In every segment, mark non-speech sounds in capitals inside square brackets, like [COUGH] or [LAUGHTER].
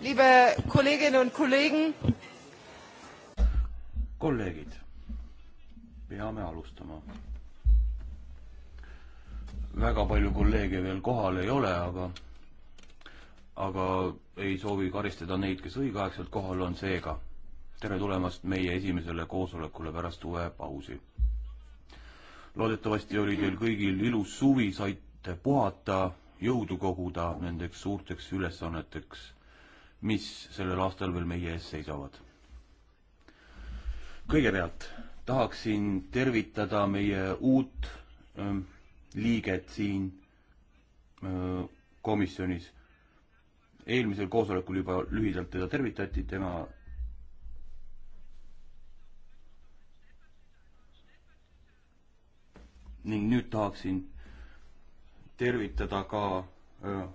Liebe Kolleginnen und Kollegen, kolleegid, peame alustama. väga palju kolleege veel kohal ei ole, aga, aga ei soovi karistada neid, kes õigeaegselt kohal on, seega tere tulemast meie esimesele koosolekule pärast uue pausi loodetavasti oli teil kõigil ilus suvi, saite puhata, jõudu koguda nendeks suurteks ülesanneteks, mis sellel aastal veel meie ees seisavad. kõigepealt tahaksin tervitada meie uut öö, ähm, liiget siin öö, äh, komisjonis. eelmisel koosolekul juba lühidalt teda tervitati, tema ning nüüd tahaksin tervitada ka öö, äh,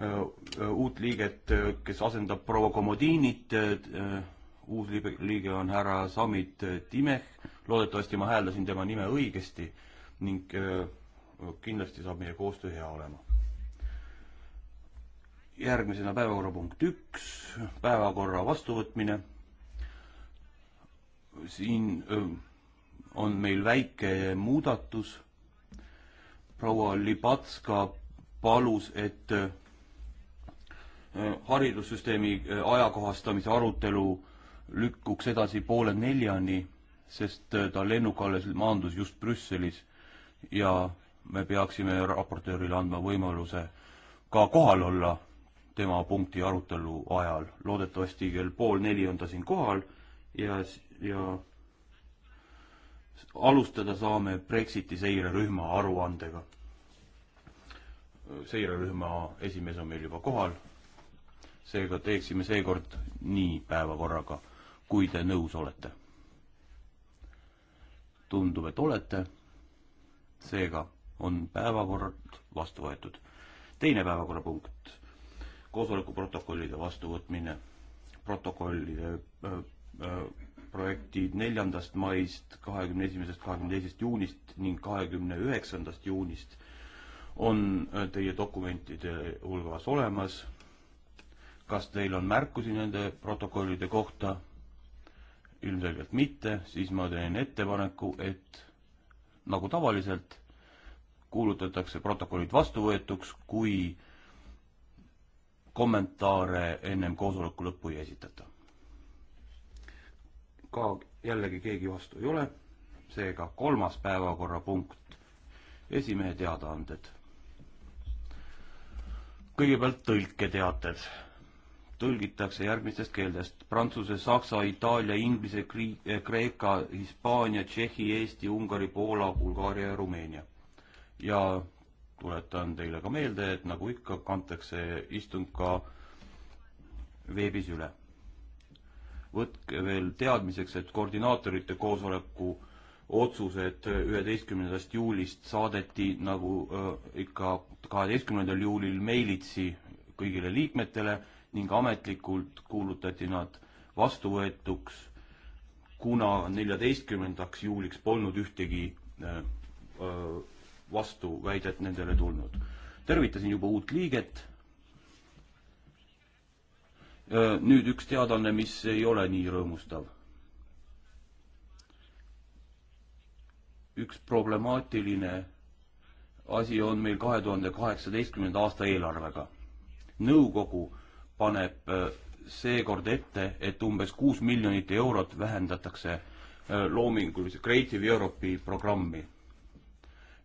öö, äh, äh, uut liiget, kes asendab proua Komodiinit. uus liige on härra Samit Timeh. loodetavasti ma hääldasin tema nime õigesti ning öö, kindlasti saab meie koostöö hea olema. järgmisena päevakorrapunkt üks, päevakorra vastuvõtmine. siin öö, on meil väike muudatus. proua Libatska palus, et äh, haridussüsteemi äh, ajakohastamise arutelu lükkuks edasi poole neljani, sest äh, ta lennuk alles maandus just Brüsselis ja me peaksime raportöörile andma võimaluse ka kohal olla tema punkti arutelu ajal. loodetavasti kell pool neli on ta siin kohal ja, ja alustada saame Brexiti seirerühma aruandega. seirerühma esimees on meil juba kohal, seega teeksime seekord nii päevakorraga, kui te nõus olete. tundub, et olete, seega on päevakord vastu võetud. teine päevakorrapunkt, koosoleku protokollide vastuvõtmine, protokollide öö, äh, öö, äh, projektid neljandast maist, kahekümne esimesest, kahekümne teisest juunist ning kahekümne üheksandast juunist on äh, teie dokumentide hulgas olemas. kas teil on märkusi nende protokollide kohta? ilmselgelt mitte, siis ma teen ettepaneku, et nagu tavaliselt kuulutatakse protokollid vastuvõetuks, kui kommentaare ennem koosoleku lõppu ei esitata ka jällegi keegi vastu ei ole, seega kolmas päevakorrapunkt, esimehe teadaanded. kõigepealt tõlketeated. tõlgitakse järgmistest keeltest prantsuse, saksa, itaalia, inglise, eh, kreeka, hispaania, tšehhi, eesti, ungari, poola, bulgaaria ja rumeenia. ja tuletan teile ka meelde, et nagu ikka, kantakse istung ka veebis üle võtke veel teadmiseks, et koordinaatorite koosoleku otsused üheteistkümnendast juulist saadeti nagu äh, ikka kaheteistkümnendal juulil meilitsi kõigile liikmetele ning ametlikult kuulutati nad vastuvõetuks, kuna neljateistkümnendaks juuliks polnud ühtegi äh, äh vastuväidet nendele tulnud. tervitasin juba uut liiget nüüd üks teadaanne, mis ei ole nii rõõmustav. üks problemaatiline asi on meil kahe tuhande kaheksateistkümnenda aasta eelarvega. nõukogu paneb seekord ette, et umbes kuus miljonit eurot vähendatakse loomingulise Creative Europe'i programmi.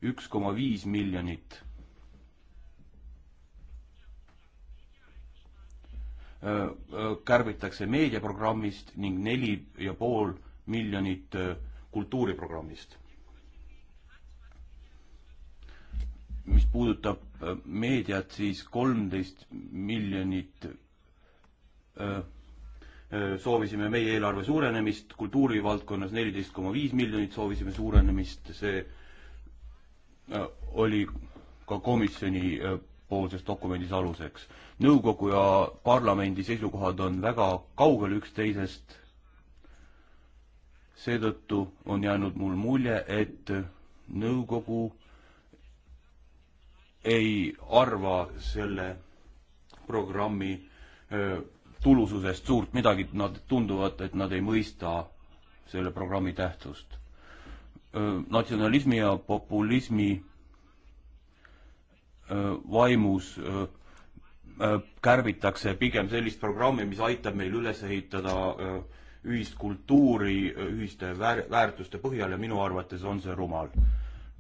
üks koma viis miljonit Äh, äh, kärbitakse meediaprogrammist ning neli ja pool miljonit äh, kultuuriprogrammist. mis puudutab meediat, siis kolmteist miljonit soovisime meie eelarve suurenemist, kultuurivaldkonnas neliteist koma viis miljonit soovisime suurenemist, see oli ka komisjoni kahepoolses dokumendis aluseks. nõukogu ja parlamendi seisukohad on väga kaugel üksteisest, seetõttu on jäänud mul mulje, et nõukogu ei arva selle programmi öö, tulususest suurt midagi, nad tunduvad, et nad ei mõista selle programmi tähtsust. natsionalismi ja populismi vaimus kärbitakse pigem sellist programmi, mis aitab meil üles ehitada ühist kultuuri ühiste väär-, väärtuste põhjal ja minu arvates on see rumal.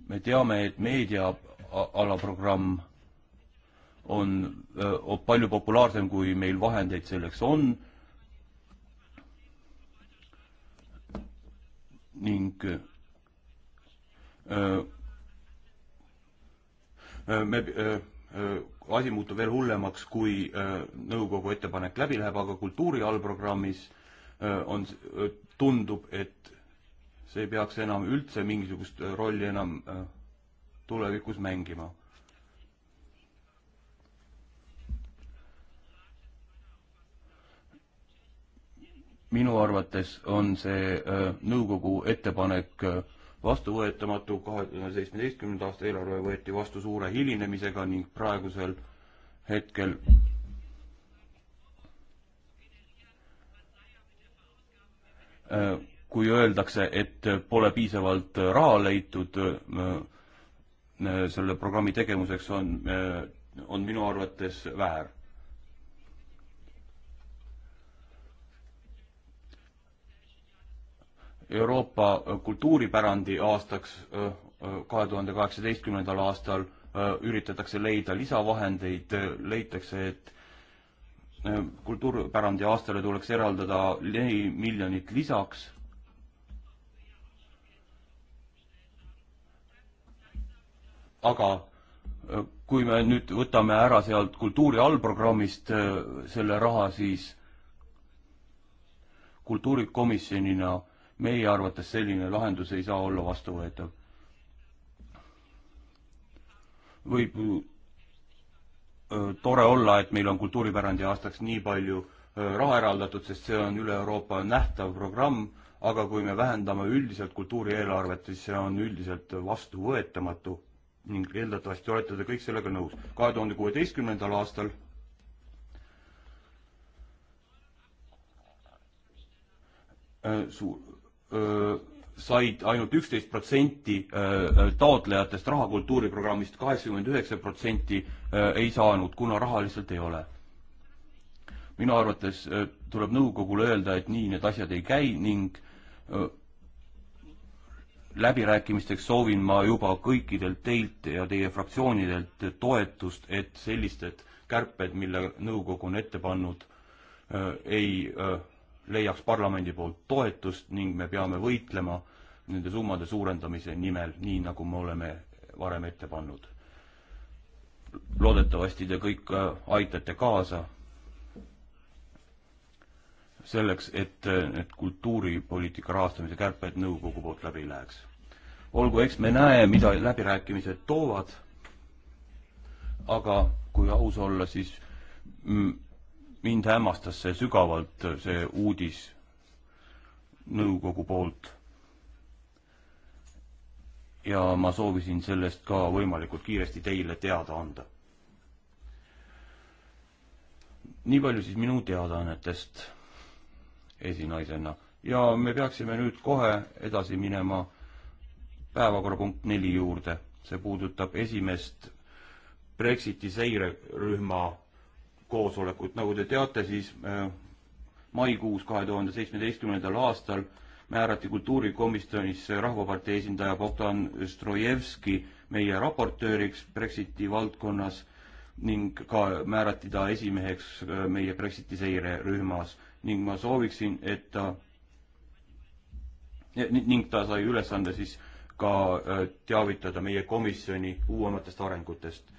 me teame, et meediaalaprogramm on palju populaarsem, kui meil vahendeid selleks on ning öö, Äh, me, äh, äh, asi muutub veel hullemaks, kui nõukogu ettepanek läbi läheb, aga kultuuri allprogrammis on, tundub, et see ei peaks enam üldse mingisugust rolli enam tulevikus mängima. minu arvates on see nõukogu ettepanek äh, vastuvõetamatu, kahe tuhande seitsmeteistkümnenda aasta eelarve võeti vastu suure hilinemisega ning praegusel hetkel äh, kui öeldakse, et pole piisavalt raha leitud äh, äh, selle programmi tegevuseks, on, on minu arvates väär. Euroopa äh, kultuuripärandi aastaks äh, äh, kahe tuhande kaheksateistkümnendal aastal üritatakse leida lisavahendeid, leitakse, et kultuuripärandi aastale tuleks eraldada neli miljonit lisaks. aga kui me nüüd võtame ära sealt kultuuri allprogrammist selle raha, siis kultuurikomisjonina meie arvates selline lahendus ei saa olla vastuvõetav. võib tore olla, et meil on kultuuripärandi aastaks nii palju raha eraldatud, sest see on üle Euroopa nähtav programm, aga kui me vähendame üldiselt kultuurieelarvet, siis see on üldiselt vastuvõetamatu ning eeldatavasti olete te kõik sellega nõus. kahe tuhande kuueteistkümnendal aastal suur, said ainult üksteist protsenti taotlejatest raha kultuuriprogrammist, kaheksakümmend üheksa protsenti ei saanud, kuna raha lihtsalt ei ole. minu arvates tuleb nõukogule öelda, et nii need asjad ei käi ning läbirääkimisteks soovin ma juba kõikidelt teilt ja teie fraktsioonidelt toetust, et sellised kärped, mille nõukogu on ette pannud, ei leiaks parlamendi poolt toetust ning me peame võitlema nende summade suurendamise nimel, nii nagu me oleme varem ette pannud. loodetavasti te kõik aitate kaasa selleks, et need kultuuripoliitika rahastamise kärped nõukogu poolt läbi ei läheks. olgu, eks me näe, mida läbirääkimised toovad, aga kui aus olla, siis mind hämmastas see sügavalt, see uudis nõukogu poolt. ja ma soovisin sellest ka võimalikult kiiresti teile teada anda. nii palju siis minu teadaannetest esinaisena ja me peaksime nüüd kohe edasi minema päevakorrapunkt neli juurde, see puudutab esimest Brexiti seirerühma koosolekut. nagu te teate, siis äh, maikuus kahe tuhande seitsmeteistkümnendal aastal määrati kultuurikomisjonis äh, Rahvapartei esindaja Bogdan Strojevski meie raportööriks Brexiti valdkonnas ning ka määrati ta esimeheks äh, meie Brexiti seirerühmas ning ma sooviksin, et ta ning ta sai ülesande siis ka teavitada meie komisjoni uuematest arengutest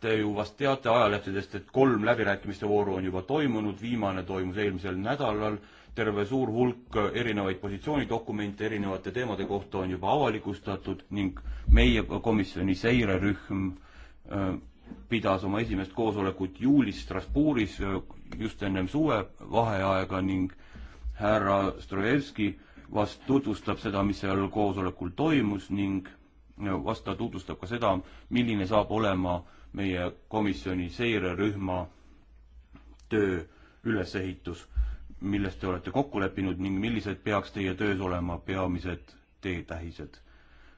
Te ju vast teate ajalehtedest, et kolm läbirääkimiste vooru on juba toimunud, viimane toimus eelmisel nädalal, terve suur hulk erinevaid positsioonidokumente erinevate teemade kohta on juba avalikustatud ning meie komisjoni seirerühm pidas oma esimest koosolekut juulis Strasbourgis just ennem suvevaheaega ning härra Strojevski vast tutvustab seda, mis seal koosolekul toimus ning vastaja tutvustab ka seda, milline saab olema meie komisjoni seirerühma töö ülesehitus, milles te olete kokku leppinud ning millised peaks teie töös olema peamised teetähised.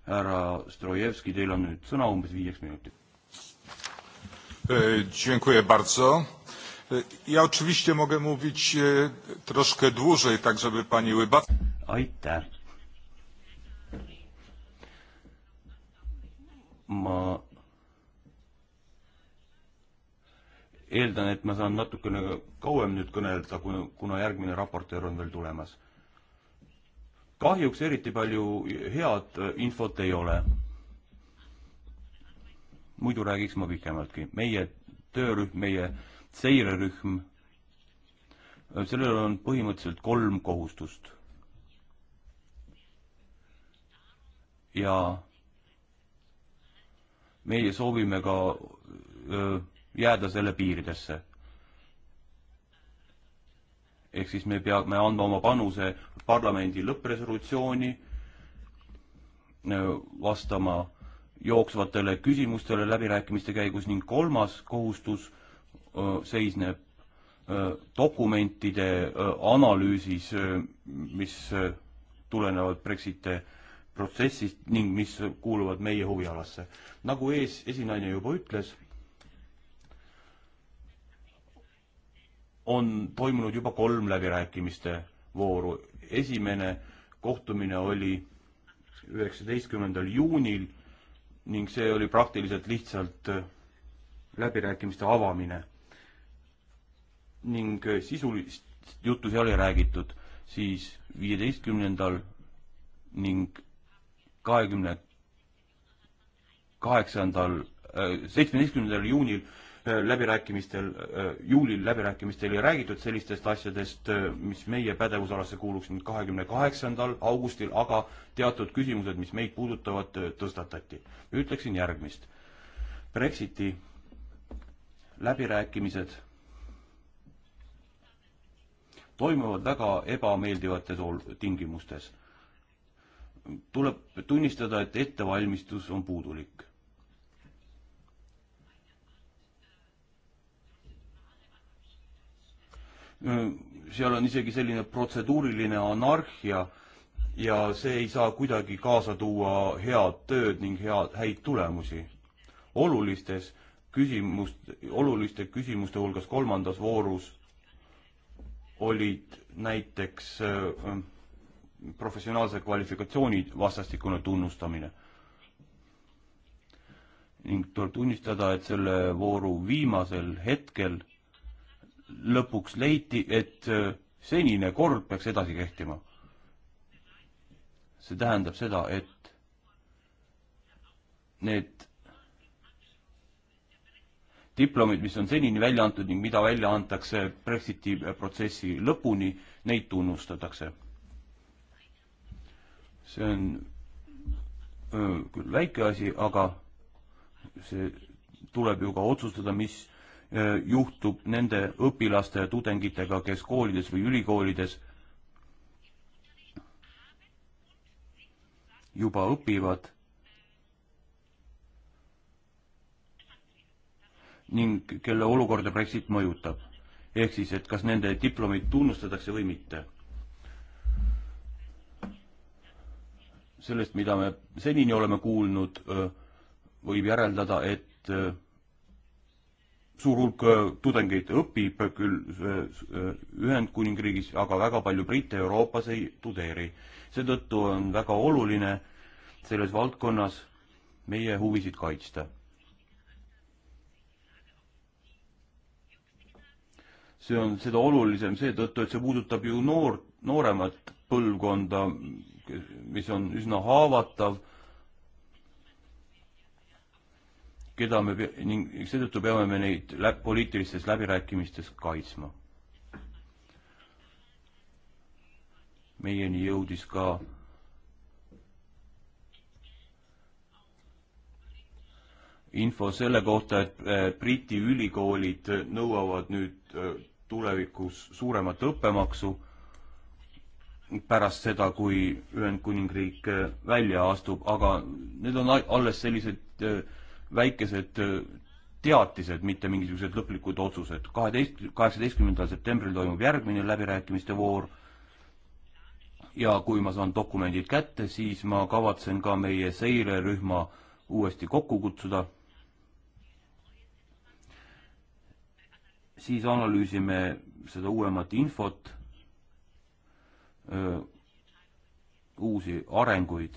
härra Strojevski, teil on nüüd sõna umbes viieks minutiks. E, dziękuję bardzo. E, ja oczywiście mogę mówić e, troszkę dłużej, tak żeby pani Łybacka... Aitäh! ma eeldan, et ma saan natukene kauem nüüd kõneleda, kuna järgmine raportöör on veel tulemas. kahjuks eriti palju head infot ei ole. muidu räägiks ma pikemaltki. meie töörühm, meie seirerühm, sellel on põhimõtteliselt kolm kohustust. ja meie soovime ka öö, jääda selle piiridesse. ehk siis me peame andma oma panuse parlamendi lõppresolutsiooni, vastama jooksvatele küsimustele läbirääkimiste käigus ning kolmas kohustus öö, seisneb öö, dokumentide öö, analüüsis, mis tulenevad Brexiti protsessist ning mis kuuluvad meie huvialasse. nagu ees esinaine juba ütles, on toimunud juba kolm läbirääkimiste vooru. esimene kohtumine oli üheksateistkümnendal juunil ning see oli praktiliselt lihtsalt äh, läbirääkimiste avamine. ning äh, sisulist juttu seal ei räägitud, siis viieteistkümnendal ning kahekümne kaheksandal, äh, seitsmeteistkümnendal juunil äh, läbirääkimistel, äh, juulil läbirääkimistel ei räägitud sellistest asjadest, mis meie pädevusalasse kuuluks nüüd kahekümne kaheksandal augustil, aga teatud küsimused, mis meid puudutavad, tõstatati. ütleksin järgmist. Brexiti läbirääkimised toimuvad väga ebameeldivates tingimustes tuleb tunnistada, et ettevalmistus on puudulik. seal on isegi selline protseduuriline anarhia ja see ei saa kuidagi kaasa tuua head tööd ning head, häid tulemusi. olulistes küsimust, oluliste küsimuste hulgas kolmandas voorus olid näiteks äh, professionaalse kvalifikatsiooni vastastikune tunnustamine. ning tuleb tunnistada, et selle vooru viimasel hetkel lõpuks leiti, et äh, senine kord peaks edasi kehtima. see tähendab seda, et need diplomid, mis on senini välja antud ning mida välja antakse Brexiti protsessi lõpuni, neid tunnustatakse see on öö, küll väike asi, aga see tuleb ju ka otsustada, mis öö, juhtub nende õpilaste ja tudengitega, kes koolides või ülikoolides juba õpivad ning kelle olukorda Brexit mõjutab. ehk siis, et kas nende diplomid tunnustatakse või mitte sellest, mida me senini oleme kuulnud, võib järeldada, et suur hulk tudengeid õpib küll Ühendkuningriigis, aga väga palju britte Euroopas ei tudeeri. seetõttu on väga oluline selles valdkonnas meie huvisid kaitsta. see on seda olulisem seetõttu, et see puudutab ju noort nooremat põlvkonda, mis on üsna haavatav, keda me pe-, ning seetõttu peame me neid läb-, poliitilistes läbirääkimistes kaitsma. meieni jõudis ka info selle kohta, et eh, Briti ülikoolid nõuavad nüüd eh, tulevikus suuremat õppemaksu pärast seda, kui Ühendkuningriik äh, välja astub, aga need on alles sellised äh, väikesed äh, teatised, mitte mingisugused lõplikud otsused. kaheteist, kaheksateistkümnendal septembril toimub järgmine läbirääkimiste voor ja kui ma saan dokumendid kätte, siis ma kavatsen ka meie seirerühma uuesti kokku kutsuda. siis analüüsime seda uuemat infot öö, uusi arenguid.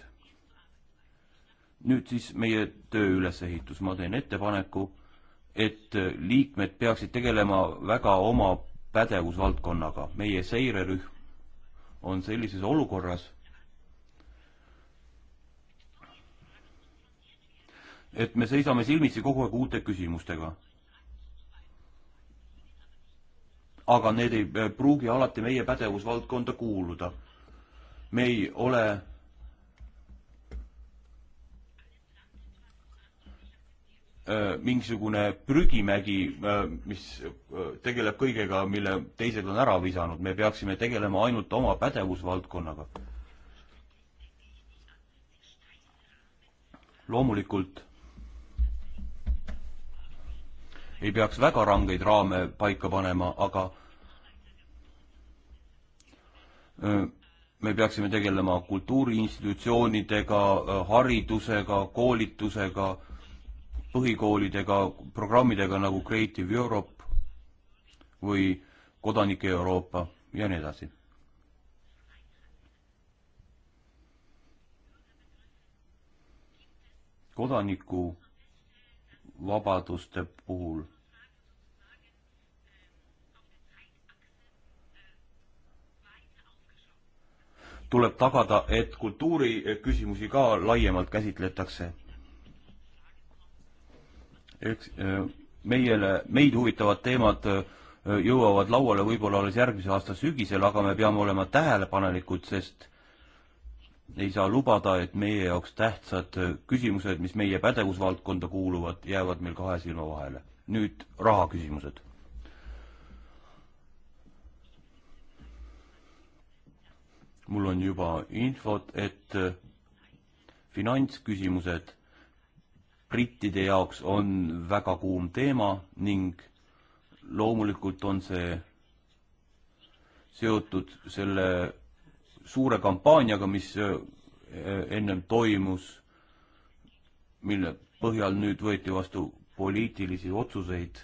nüüd siis meie töö ülesehitus, ma teen ettepaneku, et liikmed peaksid tegelema väga oma pädevusvaldkonnaga, meie seirerühm on sellises olukorras, et me seisame silmitsi kogu aeg uute küsimustega aga need ei eh, pruugi alati meie pädevusvaldkonda kuuluda. me ei ole eh, mingisugune prügimägi, eh, mis tegeleb kõigega, mille teised on ära visanud, me peaksime tegelema ainult oma pädevusvaldkonnaga. loomulikult ei peaks väga rangeid raame paika panema, aga me peaksime tegelema kultuuriinstitutsioonidega, haridusega, koolitusega, põhikoolidega, programmidega nagu Creative Europe või Kodanike Euroopa ja nii edasi. kodaniku vabaduste puhul tuleb tagada, et kultuuriküsimusi ka laiemalt käsitletakse. eks äh, meile, meid huvitavad teemad äh, jõuavad lauale võib-olla alles järgmise aasta sügisel, aga me peame olema tähelepanelikud, sest ei saa lubada, et meie jaoks tähtsad küsimused, mis meie pädevusvaldkonda kuuluvad, jäävad meil kahe silma vahele. nüüd raha küsimused. mul on juba infot, et finantsküsimused brittide jaoks on väga kuum teema ning loomulikult on see seotud selle suure kampaaniaga, mis äh, ennem toimus, mille põhjal nüüd võeti vastu poliitilisi otsuseid.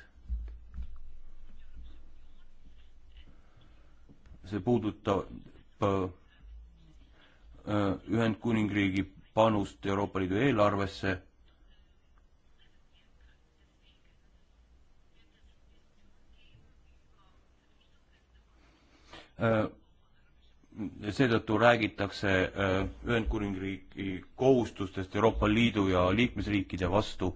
see puudutab äh, Ühendkuningriigi panust Euroopa Liidu eelarvesse äh, seetõttu räägitakse äh, Ühendkuningriigi kohustustest Euroopa Liidu ja liikmesriikide vastu.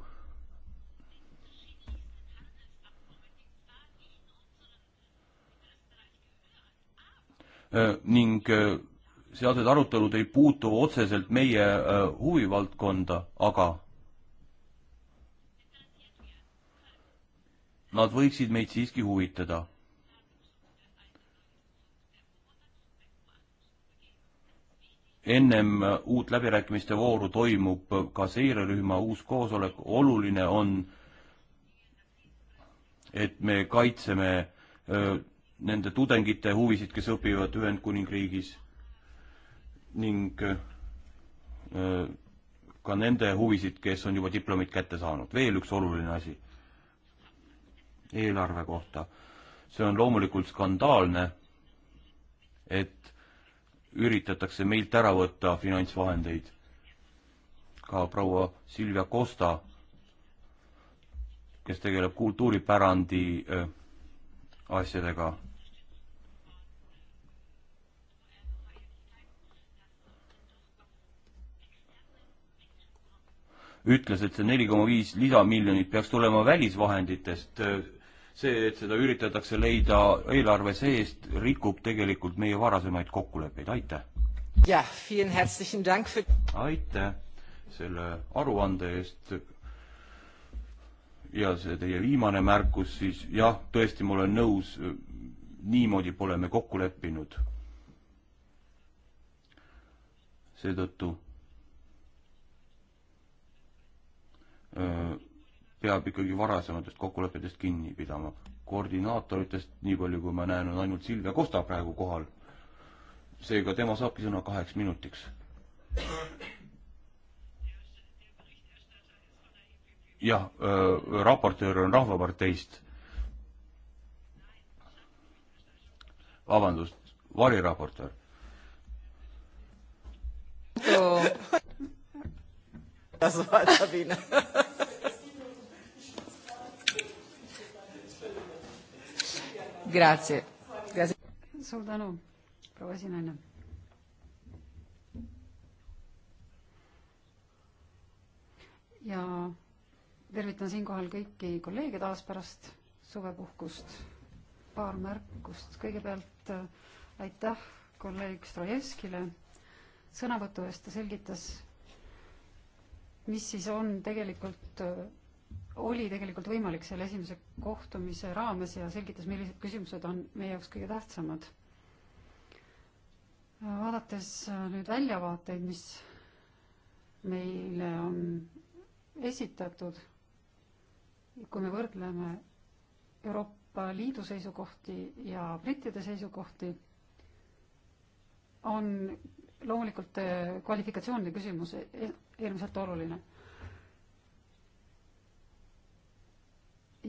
Äh, ning äh, sealsed arutelud ei puutu otseselt meie huvivaldkonda, aga nad võiksid meid siiski huvitada ennem äh, uut läbirääkimiste vooru toimub ka seirerühma uus koosolek, oluline on, et me kaitseme öö, äh, nende tudengite huvisid, kes õpivad Ühendkuningriigis ning öö, äh, ka nende huvisid, kes on juba diplomid kätte saanud. veel üks oluline asi eelarve kohta. see on loomulikult skandaalne, et üritatakse meilt ära võtta finantsvahendeid. ka proua Silvia Costa, kes tegeleb kultuuripärandi äh, asjadega. ütles, et see neli koma viis lisamiljonit peaks tulema välisvahenditest äh, see, et seda üritatakse leida eelarve seest, rikub tegelikult meie varasemaid kokkuleppeid, aitäh! jah, aitäh selle aruande eest ja see teie viimane märkus siis, jah, tõesti, ma olen nõus, niimoodi pole me kokku leppinud. seetõttu öö, äh, peab ikkagi varasematest kokkulepetest kinni pidama. koordinaatoritest, nii palju kui ma näen, on ainult Silvia Kosta praegu kohal. seega tema saabki sõna kaheks minutiks. jah äh,, raportöör on Rahvaparteist. vabandust, variraportöör oh.. das war Sabine suur tänu, proua esinaine. ja tervitan siinkohal kõiki kolleege taas pärast suvepuhkust. paar märkust, kõigepealt äh, aitäh kolleeg Strojevskile sõnavõtu eest, ta selgitas, mis siis on tegelikult äh, oli tegelikult võimalik selle esimese kohtumise raames ja selgitas, millised küsimused on meie jaoks kõige tähtsamad. vaadates äh, nüüd väljavaateid, mis meile on esitatud, kui me võrdleme Euroopa Liidu seisukohti ja brittide seisukohti, on loomulikult äh, kvalifikatsioonide küsimus äärmiselt e-, e-, oluline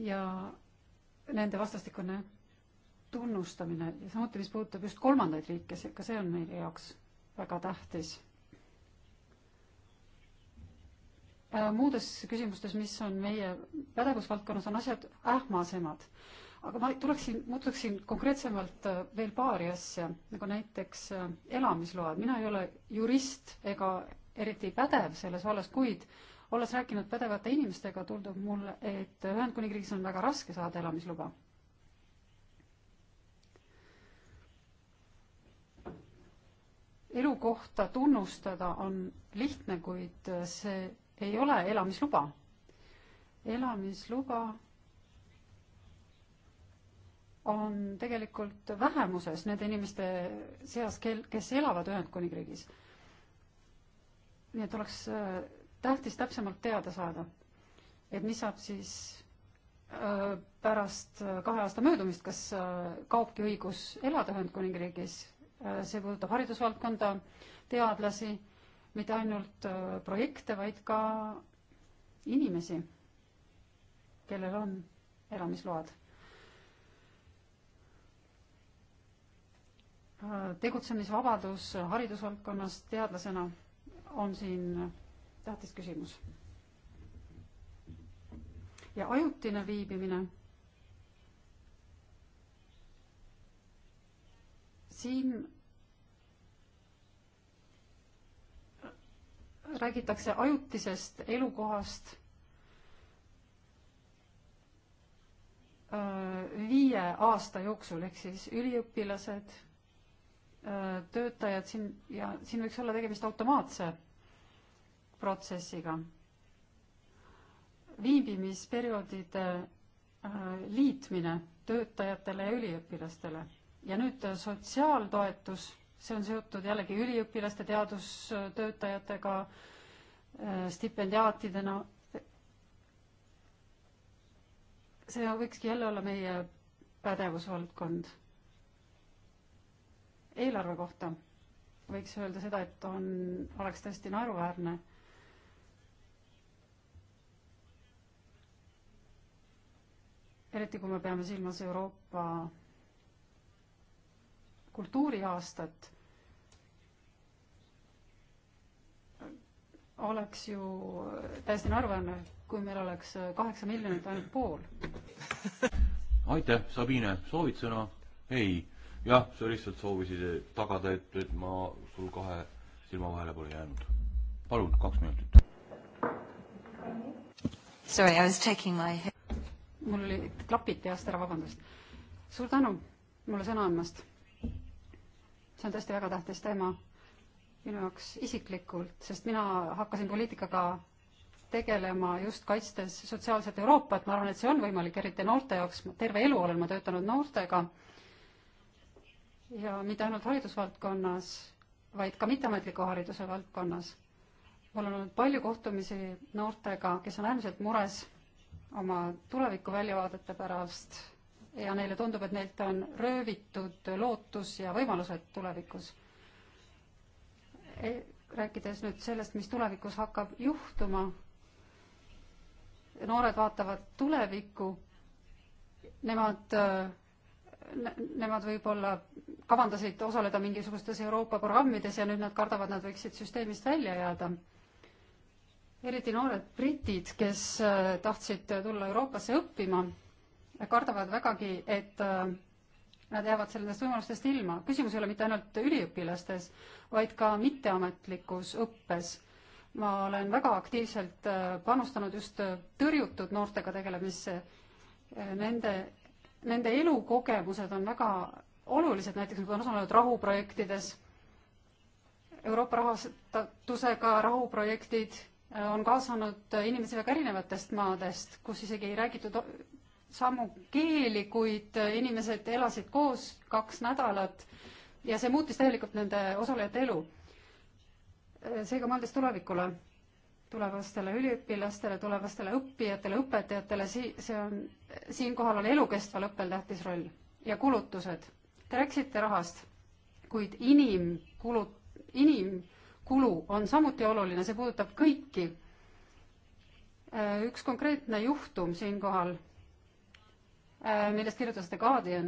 ja nende vastastikune tunnustamine ja samuti, mis puudutab just kolmandaid riike, ka see on meie jaoks väga tähtis. Äh, muudes küsimustes, mis on meie pädevusvaldkonnas, on asjad ähmasemad. aga ma tuleksin, muutuksin konkreetsemalt äh, veel paari asja, nagu näiteks äh, elamisload. mina ei ole jurist ega eriti pädev selles vallas, kuid olles rääkinud pädevate inimestega, tundub mulle, et Ühendkuningriigis on väga raske saada elamisluba. elukohta tunnustada on lihtne, kuid see ei ole elamisluba. elamisluba on tegelikult vähemuses nende inimeste seas, kel, kes elavad Ühendkuningriigis. nii et oleks äh, tähtis täpsemalt teada saada, et mis saab siis äh, pärast äh, kahe aasta möödumist, kas äh, kaobki õigus elada Ühendkuningriigis, see puudutab haridusvaldkonda, teadlasi, mitte ainult projekte, vaid ka inimesi, kellel on elamisload. tegutsemisvabadus haridusvaldkonnas teadlasena on siin tähtis küsimus. ja ajutine viibimine. siin räägitakse ajutisest elukohast äh, viie aasta jooksul, ehk siis üliõpilased, äh, töötajad siin ja siin võiks olla tegemist automaatse protsessiga. viibimisperioodide äh, liitmine töötajatele ja üliõpilastele ja nüüd äh, sotsiaaltoetus, see on seotud jällegi üliõpilaste, teadustöötajatega, äh, stipendiaatidena. see võikski jälle olla meie pädevusvaldkond. eelarve kohta võiks öelda seda, et on, oleks tõesti naeruväärne eriti kui me peame silmas Euroopa kultuuriaastat, oleks ju täiesti naeruväärne, kui meil oleks kaheksa miljonit ainult pool. aitäh, Sabine, soovid sõna? ei, jah, sa lihtsalt soovisid tagada, et, et ma sul kahe silma vahele pole jäänud. palun, kaks minutit. Sorry, I was taking my mul olid klapid peast ära, vabandust. suur tänu mulle sõna andmast. see on tõesti väga tähtis teema minu jaoks isiklikult, sest mina hakkasin poliitikaga tegelema just kaitstes sotsiaalset Euroopat, ma arvan, et see on võimalik, eriti noorte jaoks, terve elu olen ma töötanud noortega ja mitte ainult haridusvaldkonnas, vaid ka mitteametliku hariduse valdkonnas. mul on olnud palju kohtumisi noortega, kes on äärmiselt mures oma tulevikuväljavaadete pärast ja neile tundub, et neilt on röövitud lootus ja võimalused tulevikus. E, rääkides nüüd sellest, mis tulevikus hakkab juhtuma, noored vaatavad tulevikku, nemad, nemad võib-olla kavandasid osaleda mingisugustes Euroopa programmides ja nüüd nad kardavad, nad võiksid süsteemist välja jääda eriti noored britid, kes äh, tahtsid äh, tulla Euroopasse õppima, kardavad vägagi, et äh, nad jäävad sellest võimalustest ilma. küsimus ei ole mitte ainult üliõpilastes, vaid ka mitteametlikus õppes. ma olen väga aktiivselt panustanud just tõrjutud noortega tegelemisse. Nende, nende elukogemused on väga olulised, näiteks nad on osalenud rahuprojektides, Euroopa rahastatusega rahuprojektid on kaasanud inimesi väga erinevatest maadest, kus isegi ei räägitud samu keeli, kuid inimesed elasid koos kaks nädalat ja see muutis täielikult nende osalejate elu. seega mõeldes tulevikule, tulevastele üliõpilastele, tulevastele õppijatele, õpetajatele, sii-, see on, siinkohal oli elukestval õppel tähtis roll ja kulutused. Te rääkisite rahast, kuid inimkulut-, inim-, kulu on samuti oluline, see puudutab kõiki. üks konkreetne juhtum siinkohal, millest kirjutas The Guardian.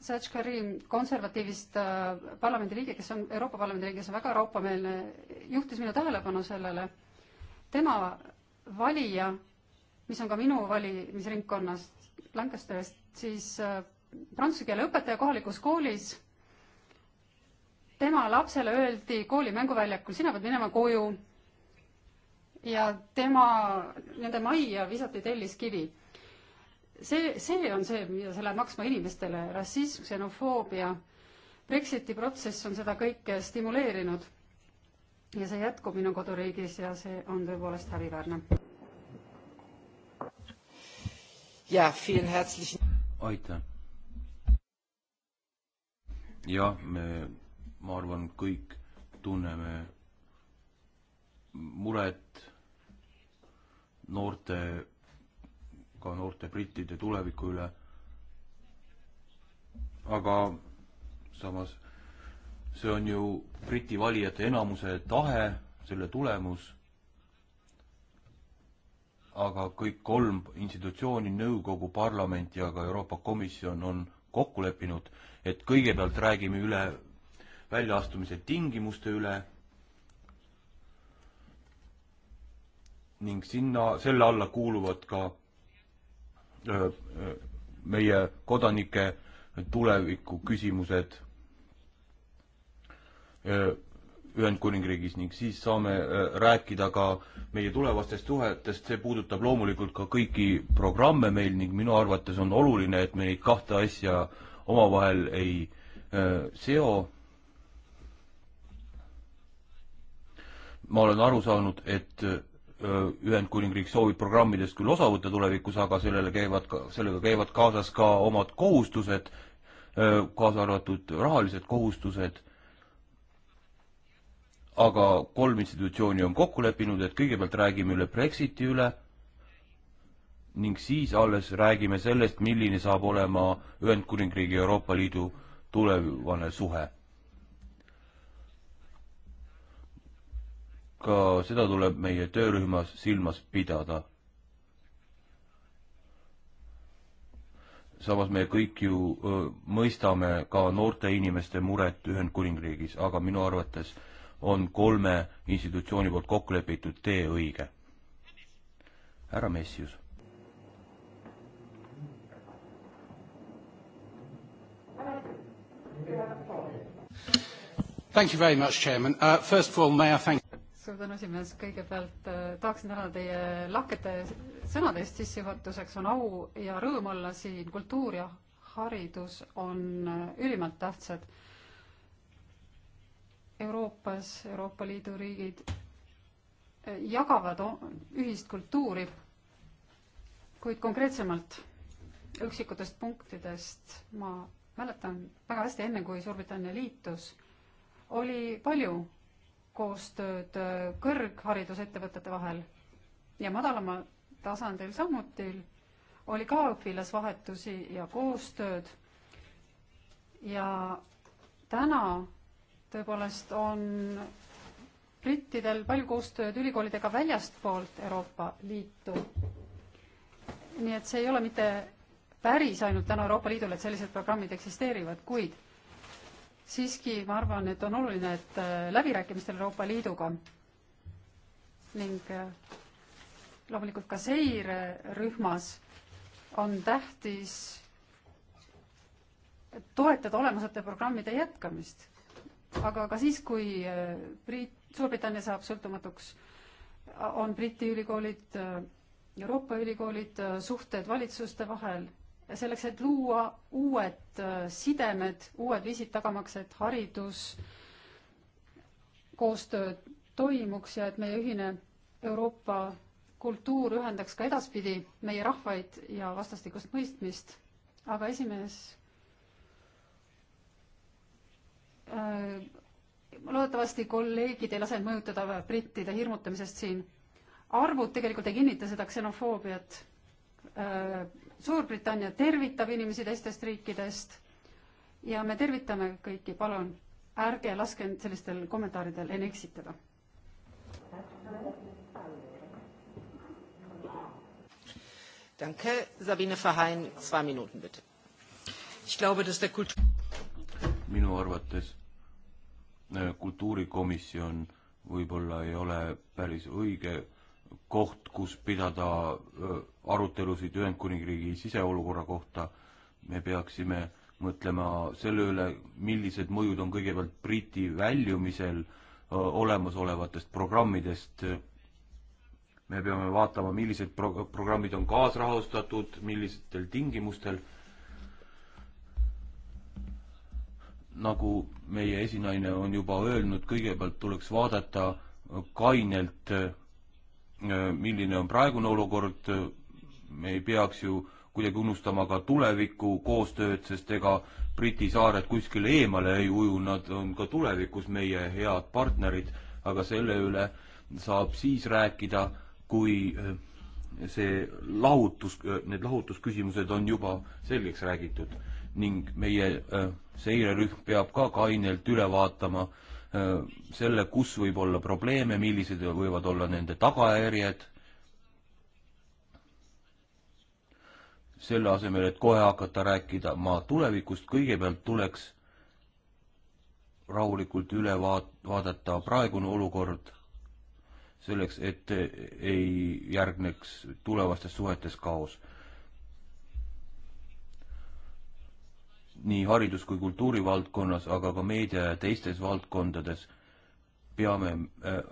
Saj Karim, konservatiivist äh, parlamendiliige, kes on Euroopa Parlamendi liige, kes on väga euroopameelne, juhtis minu tähelepanu sellele. tema valija, mis on ka minu valimisringkonnast, Lancasterist, siis äh, prantsuse keele õpetaja kohalikus koolis tema lapsele öeldi kooli mänguväljakul, sina pead minema koju. ja tema, nende majja visati telliskivi. see, see on see, mida see läheb maksma inimestele, rassism, ksenofoobia. Brexiti protsess on seda kõike stimuleerinud. ja see jätkub minu koduriigis ja see on tõepoolest häbiväärne. ja, aitäh. jah, me ma arvan, kõik tunneme muret noorte, ka noorte brittide tuleviku üle. aga samas see on ju Briti valijate enamuse tahe, selle tulemus. aga kõik kolm institutsiooni, nõukogu, parlament ja ka Euroopa Komisjon on kokku leppinud, et kõigepealt räägime üle väljaastumise tingimuste üle ning sinna, selle alla kuuluvad ka öö, öö, meie kodanike tuleviku küsimused Ühendkuningriigis ning siis saame rääkida ka meie tulevastest suhetest, see puudutab loomulikult ka kõiki programme meil ning minu arvates on oluline, et me neid kahte asja omavahel ei öö, seo ma olen aru saanud, et Ühendkuningriik soovib programmidest küll osa võtta tulevikus, aga sellele käivad ka, sellega käivad kaasas ka omad kohustused, kaasa arvatud rahalised kohustused aga kolm institutsiooni on kokku leppinud, et kõigepealt räägime üle Brexiti üle ning siis alles räägime sellest, milline saab olema Ühendkuningriigi Euroopa Liidu tulevane suhe. ka seda tuleb meie töörühmas silmas pidada. samas me kõik ju öö, mõistame ka noorte inimeste muret Ühendkuningriigis, aga minu arvates on kolme institutsiooni poolt kokku lepitud tee õige. härra Messius. Thank you very much, Chairman. Uh, first of all, may I thank suur tänu, esimees, kõigepealt äh, tahaksin tänada teie lahkete sõnade eest sissejuhatuseks, on au ja rõõm olla siin, kultuur ja haridus on äh, ülimalt tähtsad. Euroopas, Euroopa Liidu riigid äh, jagavad ühist kultuuri, kuid konkreetsemalt üksikutest punktidest ma mäletan väga hästi, enne kui Suurbritannia liitus, oli palju koostööd äh, kõrgharidusettevõtete vahel ja madalamal tasandil samuti oli ka õpilasvahetusi ja koostööd. ja täna tõepoolest on brittidel palju koostööd ülikoolidega väljastpoolt Euroopa Liitu. nii et see ei ole mitte päris ainult tänu Euroopa Liidule, et sellised programmid eksisteerivad, kuid siiski ma arvan, et on oluline, et äh, läbirääkimistel Euroopa Liiduga ning äh, loomulikult ka seirerühmas on tähtis toetada olemasolevate programmide jätkamist. aga ka siis, kui Priit, äh, Suurbritannia saab sõltumatuks, on Briti ülikoolid, Euroopa ülikoolid, suhted valitsuste vahel selleks, et luua uued äh, sidemed, uued viisid tagamaks, et haridus, koostöö toimuks ja et meie ühine Euroopa kultuur ühendaks ka edaspidi meie rahvaid ja vastastikust mõistmist. aga esimees äh,, loodetavasti kolleegid ei lase mõjutada brittide hirmutamisest siin. arvud tegelikult ei kinnita seda ksenofoobiat äh,. Suurbritannia tervitab inimesi teistest riikidest ja me tervitame kõiki, palun ärge laske end sellistel kommentaaridel enne eksitada. Danke, Sabine Verheyen, zwei Minuten bitte. Ich glaube, dass der Kultur minu arvates äh, kultuurikomisjon võib-olla ei ole päris õige koht, kus pidada arutelusid Ühendkuningriigi siseolukorra kohta. me peaksime mõtlema selle üle, millised mõjud on kõigepealt Briti väljumisel olemasolevatest programmidest. me peame vaatama, millised pro-, programmid on kaasrahastatud, millistel tingimustel. nagu meie esinaine on juba öelnud, kõigepealt tuleks vaadata kainelt Äh, milline on praegune olukord, me ei peaks ju kuidagi unustama ka tuleviku koostööd, sest ega Briti saared kuskile eemale ei uju, nad on ka tulevikus meie head partnerid, aga selle üle saab siis rääkida, kui äh, see lahutus, äh, need lahutusküsimused on juba selgeks räägitud ning meie seirerühm peab ka kainelt üle vaatama äh, Äh, selle, kus võib olla probleeme, millised võivad olla nende tagajärjed, selle asemel, et kohe hakata rääkida ma tulevikust, kõigepealt tuleks rahulikult üle vaat-, vaadata praegune olukord, selleks et ei järgneks tulevastes suhetes kaos nii haridus- kui kultuurivaldkonnas, aga ka meedia ja teistes valdkondades peame äh,,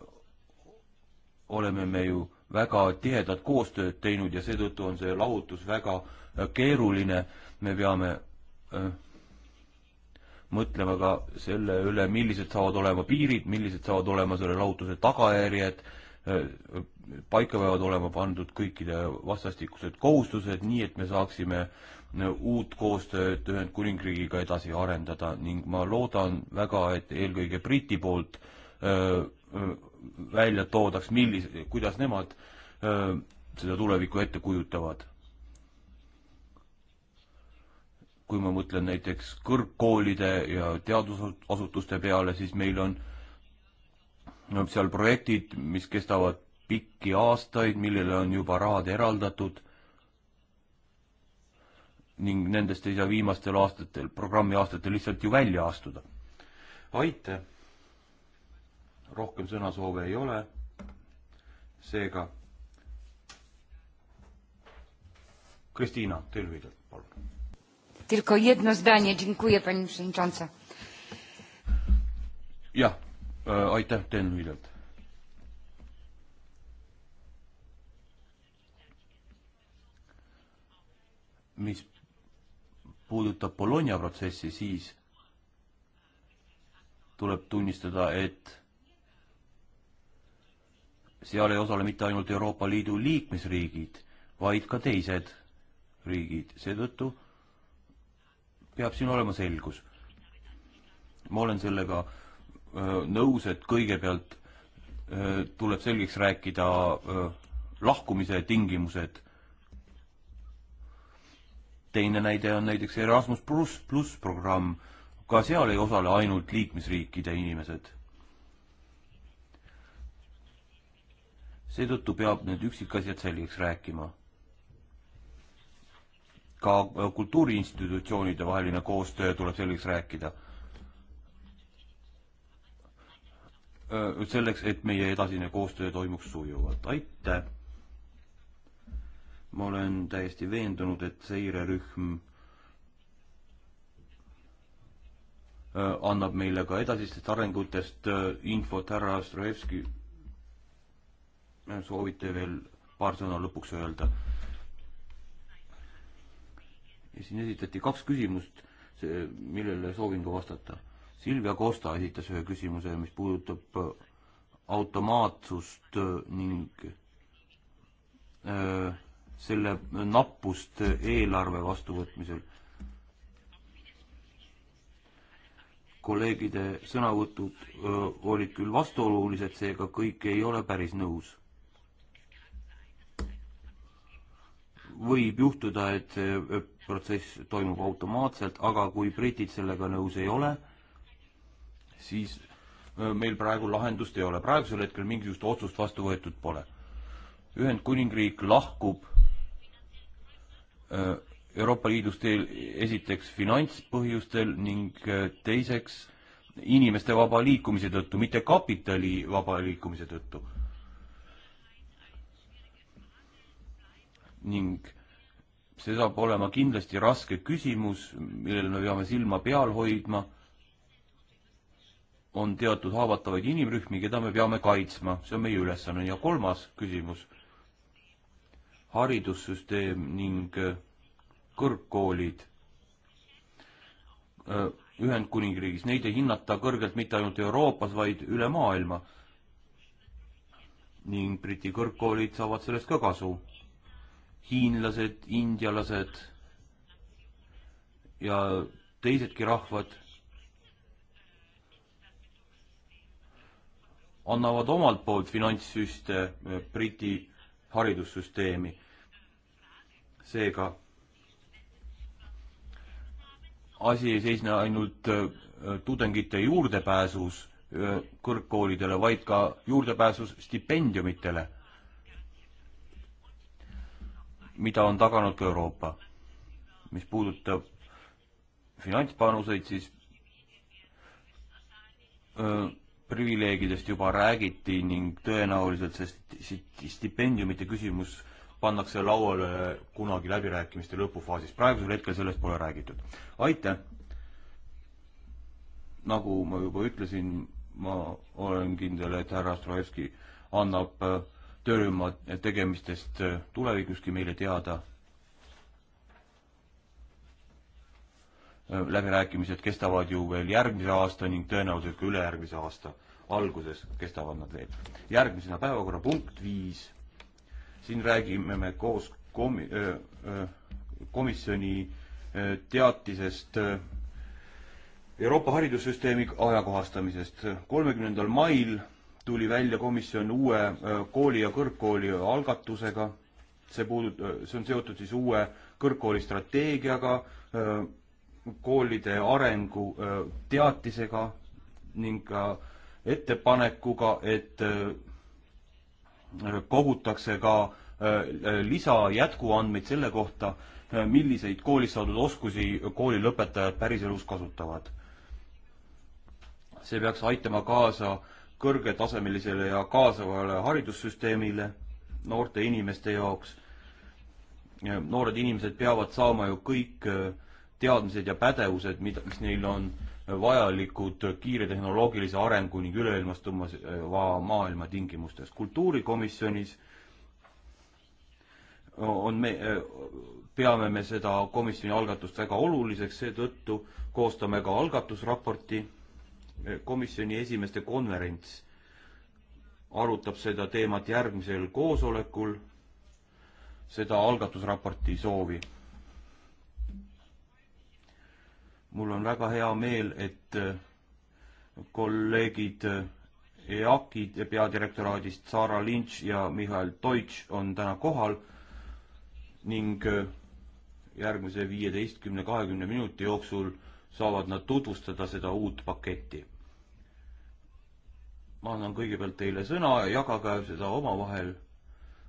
oleme me ju väga tihedat koostööd teinud ja seetõttu on see lahutus väga äh, keeruline. me peame äh, mõtlema ka selle üle, millised saavad olema piirid, millised saavad olema selle lahutuse tagajärjed, äh, paika peavad olema pandud kõikide vastastikused kohustused, nii et me saaksime äh, uut koostööd Ühendkuningriigiga edasi arendada ning ma loodan väga, et eelkõige Briti poolt öö, välja toodaks, millis-, kuidas nemad öö, seda tulevikku ette kujutavad. kui ma mõtlen näiteks kõrgkoolide ja teadusasutuste peale, siis meil on seal projektid, mis kestavad pikki aastaid, millele on juba rahad eraldatud ning nendest ei saa viimastel aastatel, programmi aastatel lihtsalt ju välja astuda. aitäh! rohkem sõnasoove ei ole, seega Kristiina, teil lühidalt, palun. Tylko jedno zdanie, dziękuję pani przewodnicząca. jah äh,, aitäh, teen lühidalt. mis puudutab Bologna protsessi, siis tuleb tunnistada, et seal ei osale mitte ainult Euroopa Liidu liikmesriigid, vaid ka teised riigid, seetõttu peab siin olema selgus. ma olen sellega öö, nõus, et kõigepealt öö, tuleb selgeks rääkida öö, lahkumise tingimused teine näide on näiteks Erasmus pluss pluss programm, ka seal ei osale ainult liikmesriikide inimesed. seetõttu peab need üksikasjad selgeks rääkima. ka kultuuriinstitutsioonide vaheline koostöö tuleb selgeks rääkida. selleks, et meie edasine koostöö toimuks sujuvalt, aitäh! ma olen täiesti veendunud, et seirerühm äh, annab meile ka edasistest arengutest äh, infot, härra Strojevski, äh, soovite veel paar sõna lõpuks öelda? ja siin esitati kaks küsimust, millele soovin ka vastata. Silvia Costa esitas ühe küsimuse, mis puudutab automaatsust ning öö, selle nappust eelarve vastuvõtmisel. kolleegide sõnavõtud öö, olid küll vastuolulised, seega kõik ei ole päris nõus. võib juhtuda, et see protsess toimub automaatselt, aga kui britid sellega nõus ei ole, siis meil praegu lahendust ei ole, praegusel hetkel mingisugust otsust vastu võetud pole. Ühendkuningriik lahkub Äh, Euroopa Liidus teel esiteks finantspõhjustel ning äh, teiseks inimeste vaba liikumise tõttu, mitte kapitali vaba liikumise tõttu. ning see saab olema kindlasti raske küsimus, millele me peame silma peal hoidma. on teatud haavatavaid inimrühmi, keda me peame kaitsma, see on meie ülesanne ja kolmas küsimus haridussüsteem ning äh, kõrgkoolid äh, Ühendkuningriigis, neid ei hinnata kõrgelt mitte ainult Euroopas, vaid üle maailma. ning Briti kõrgkoolid saavad sellest ka kasu. hiinlased, indialased ja teisedki rahvad annavad omalt poolt finantssüste äh, Briti haridussüsteemi. seega asi ei seisne ainult äh, tudengite juurdepääsus äh, kõrgkoolidele, vaid ka juurdepääsus stipendiumitele, mida on taganud ka Euroopa. mis puudutab finantspanuseid, siis öö, äh, privileegidest juba räägiti ning tõenäoliselt see stipendiumite küsimus pannakse lauale kunagi läbirääkimiste lõpufaasis. praegusel hetkel sellest pole räägitud. aitäh! nagu ma juba ütlesin, ma olen kindel, et härra Strojevski annab äh, töörühma tegemistest äh, tulevikuski meile teada Äh, läbirääkimised kestavad ju veel järgmise aasta ning tõenäoliselt ka ülejärgmise aasta alguses kestavad nad veel. järgmisena päevakorrapunkt viis. siin räägime me koos komi-, äh, äh, komisjoni teatisest Euroopa haridussüsteemi ajakohastamisest. kolmekümnendal mail tuli välja komisjon uue kooli ja kõrgkooli algatusega. see puudut-, see on seotud siis uue kõrgkooli strateegiaga, koolide arengu teatisega ning ka ettepanekuga, et kogutakse ka lisa jätkuandmeid selle kohta, milliseid koolis saadud oskusi kooli lõpetajad päriselus kasutavad. see peaks aitama kaasa kõrgetasemelisele ja kaasavale haridussüsteemile noorte inimeste jaoks. noored inimesed peavad saama ju kõik äh, teadmised ja pädevused, mida, mis neil on vajalikud kiire tehnoloogilise arengu ning üleilmastuva maailma tingimustes. kultuurikomisjonis on me, peame me seda komisjoni algatust väga oluliseks, seetõttu koostame ka algatusraporti. komisjoni esimeeste konverents arutab seda teemat järgmisel koosolekul, seda algatusraporti soovi mul on väga hea meel, et äh, kolleegid äh, EAK-id peadirektoraadist Sara Lynch ja Mihhail Deutsch on täna kohal ning äh, järgmise viieteistkümne, kahekümne minuti jooksul saavad nad tutvustada seda uut paketti. ma annan kõigepealt teile sõna ja jagage seda omavahel.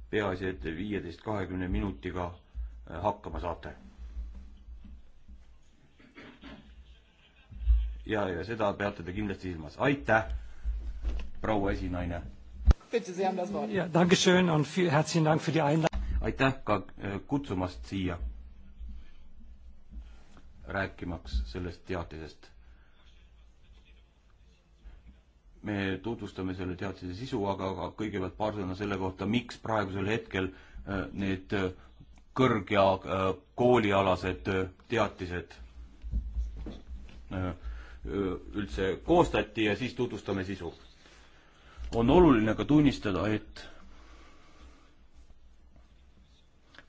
peaasi, et viieteist, kahekümne minutiga hakkama saate ja, ja seda peate te kindlasti silmas. aitäh, proua esinaine! Um aitäh ka äh, kutsumast siia rääkimaks sellest teatisest. me tutvustame selle teatise sisu, aga, aga kõigepealt paar sõna selle kohta, miks praegusel hetkel äh, need äh, kõrg- ja koolialased teatised üldse koostati ja siis tutvustame sisu. on oluline ka tunnistada, et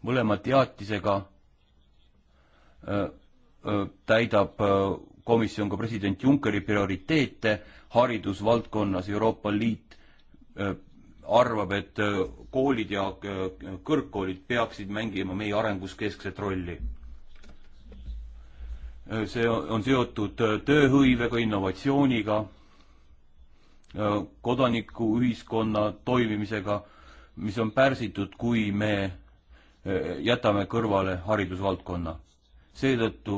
mõlema teatisega täidab komisjon ka president Junckeri prioriteete haridusvaldkonnas, Euroopa Liit arvab, et koolid ja kõrgkoolid peaksid mängima meie arengus keskset rolli Äh, see on seotud äh, tööhõivega, innovatsiooniga, äh, kodanikuühiskonna toimimisega, mis on pärsitud, kui me jätame kõrvale haridusvaldkonna. seetõttu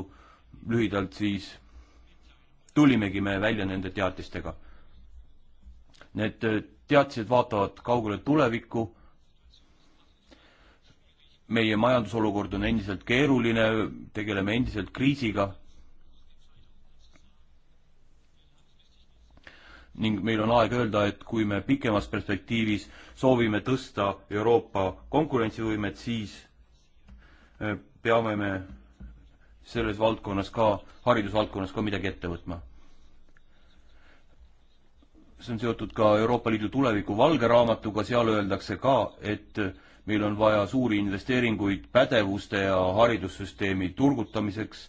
lühidalt siis tulimegi me välja nende teatistega. Need teatised vaatavad kaugele tulevikku meie majandusolukord on endiselt keeruline, tegeleme endiselt kriisiga. ning meil on aeg öelda, et kui me pikemas perspektiivis soovime tõsta Euroopa konkurentsivõimet, siis äh, peame me selles valdkonnas ka, haridusvaldkonnas ka midagi ette võtma. see on seotud ka Euroopa Liidu tuleviku valge raamatuga, seal öeldakse ka, et meil on vaja suuri investeeringuid pädevuste ja haridussüsteemi turgutamiseks,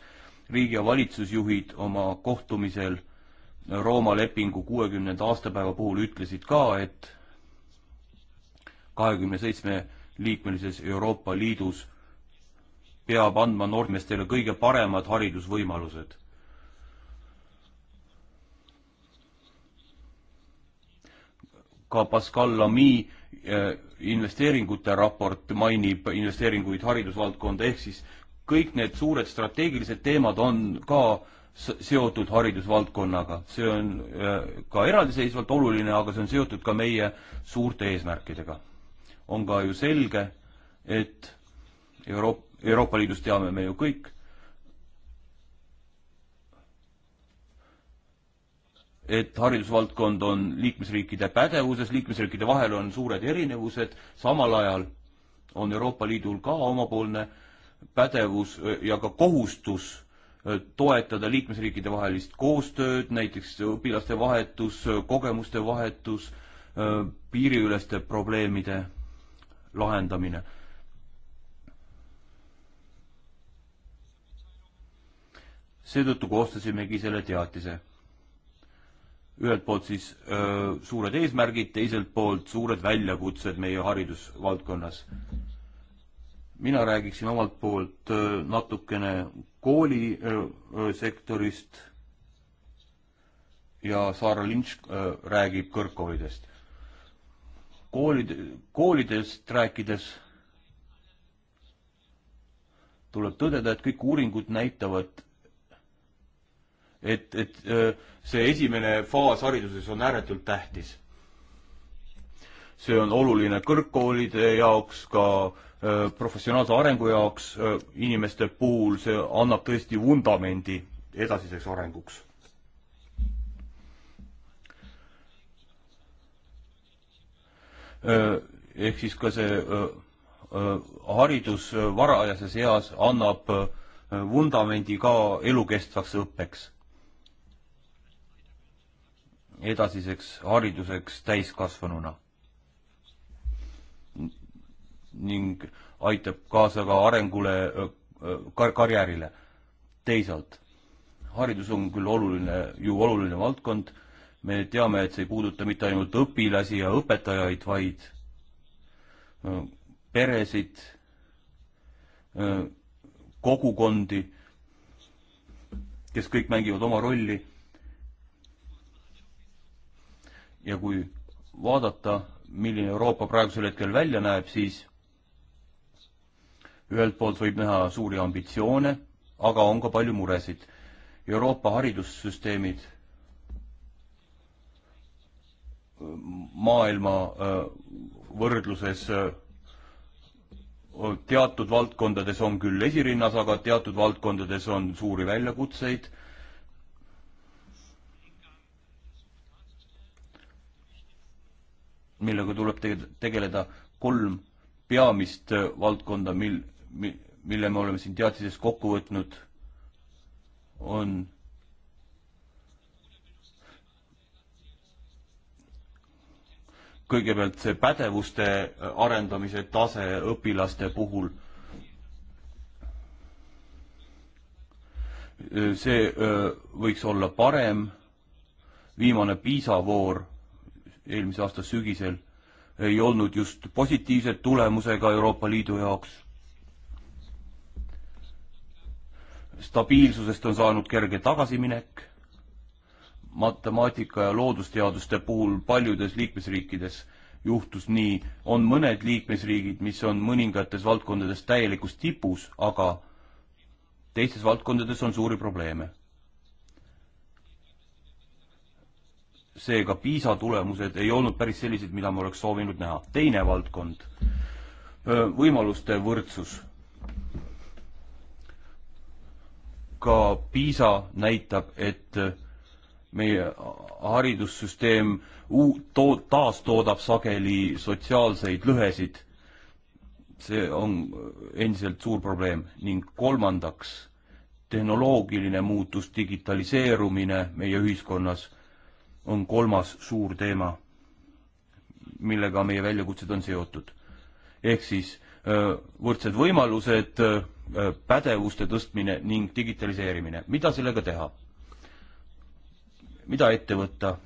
riigi- ja valitsusjuhid oma kohtumisel Rooma lepingu kuuekümnenda aastapäeva puhul ütlesid ka, et kahekümne seitsme liikmelises Euroopa Liidus peab andma noormeestele kõige paremad haridusvõimalused. ka Pascal Lamy Äh, investeeringute raport mainib investeeringuid haridusvaldkonda, ehk siis kõik need suured strateegilised teemad on ka seotud haridusvaldkonnaga. see on äh, ka eraldiseisvalt oluline, aga see on seotud ka meie suurte eesmärkidega. on ka ju selge, et Euroop-, Euroopa Liidus teame me ju kõik, et haridusvaldkond on liikmesriikide pädevuses, liikmesriikide vahel on suured erinevused, samal ajal on Euroopa Liidul ka omapoolne pädevus ja ka kohustus toetada liikmesriikide vahelist koostööd, näiteks õpilaste vahetus, kogemuste vahetus, piiriüleste probleemide lahendamine. seetõttu koostasimegi selle teatise ühelt poolt siis öö, suured eesmärgid, teiselt poolt suured väljakutsed meie haridusvaldkonnas. mina räägiksin omalt poolt öö, natukene koolisektorist ja Saara Lynch öö, räägib kõrgkoolidest. koolid, koolidest rääkides tuleb tõdeda, et kõik uuringud näitavad, et, et äh, see esimene faas hariduses on ääretult tähtis. see on oluline kõrgkoolide jaoks, ka äh, professionaalse arengu jaoks äh, inimeste puhul, see annab tõesti vundamendi edasiseks arenguks ehk siis ka see äh, äh, haridus varajases eas annab vundamendi äh, ka elukestvaks õppeks edasiseks hariduseks täiskasvanuna. ning aitab kaasa ka arengule kar, karjäärile. teisalt, haridus on küll oluline, ju oluline valdkond, me teame, et see ei puuduta mitte ainult õpilasi ja õpetajaid, vaid peresid, kogukondi, kes kõik mängivad oma rolli ja kui vaadata, milline Euroopa praegusel hetkel välja näeb, siis ühelt poolt võib näha suuri ambitsioone, aga on ka palju muresid. Euroopa haridussüsteemid, maailma äh, võrdluses äh, teatud valdkondades on küll esirinnas, aga teatud valdkondades on suuri väljakutseid millega tuleb tege-, tegeleda kolm peamist äh, valdkonda, mil, mi-, mille me oleme siin teadmises kokku võtnud, on kõigepealt see pädevuste äh, arendamise tase õpilaste puhul. Äh, see võiks olla parem, viimane piisavoor eelmise aasta sügisel ei olnud just positiivse tulemusega Euroopa Liidu jaoks. stabiilsusest on saanud kerge tagasiminek, matemaatika ja loodusteaduste puhul paljudes liikmesriikides juhtus nii, on mõned liikmesriigid, mis on mõningates valdkondades täielikus tipus, aga teistes valdkondades on suuri probleeme seega PISA tulemused ei olnud päris sellised, mida ma oleks soovinud näha. teine valdkond, võimaluste võrdsus. ka PISA näitab, et meie haridussüsteem uut, to-, taastoodab sageli sotsiaalseid lõhesid. see on endiselt suur probleem ning kolmandaks, tehnoloogiline muutus, digitaliseerumine meie ühiskonnas on kolmas suur teema, millega meie väljakutsed on seotud. ehk siis võrdsed võimalused, pädevuste tõstmine ning digitaliseerimine. mida sellega teha? mida ette võtta?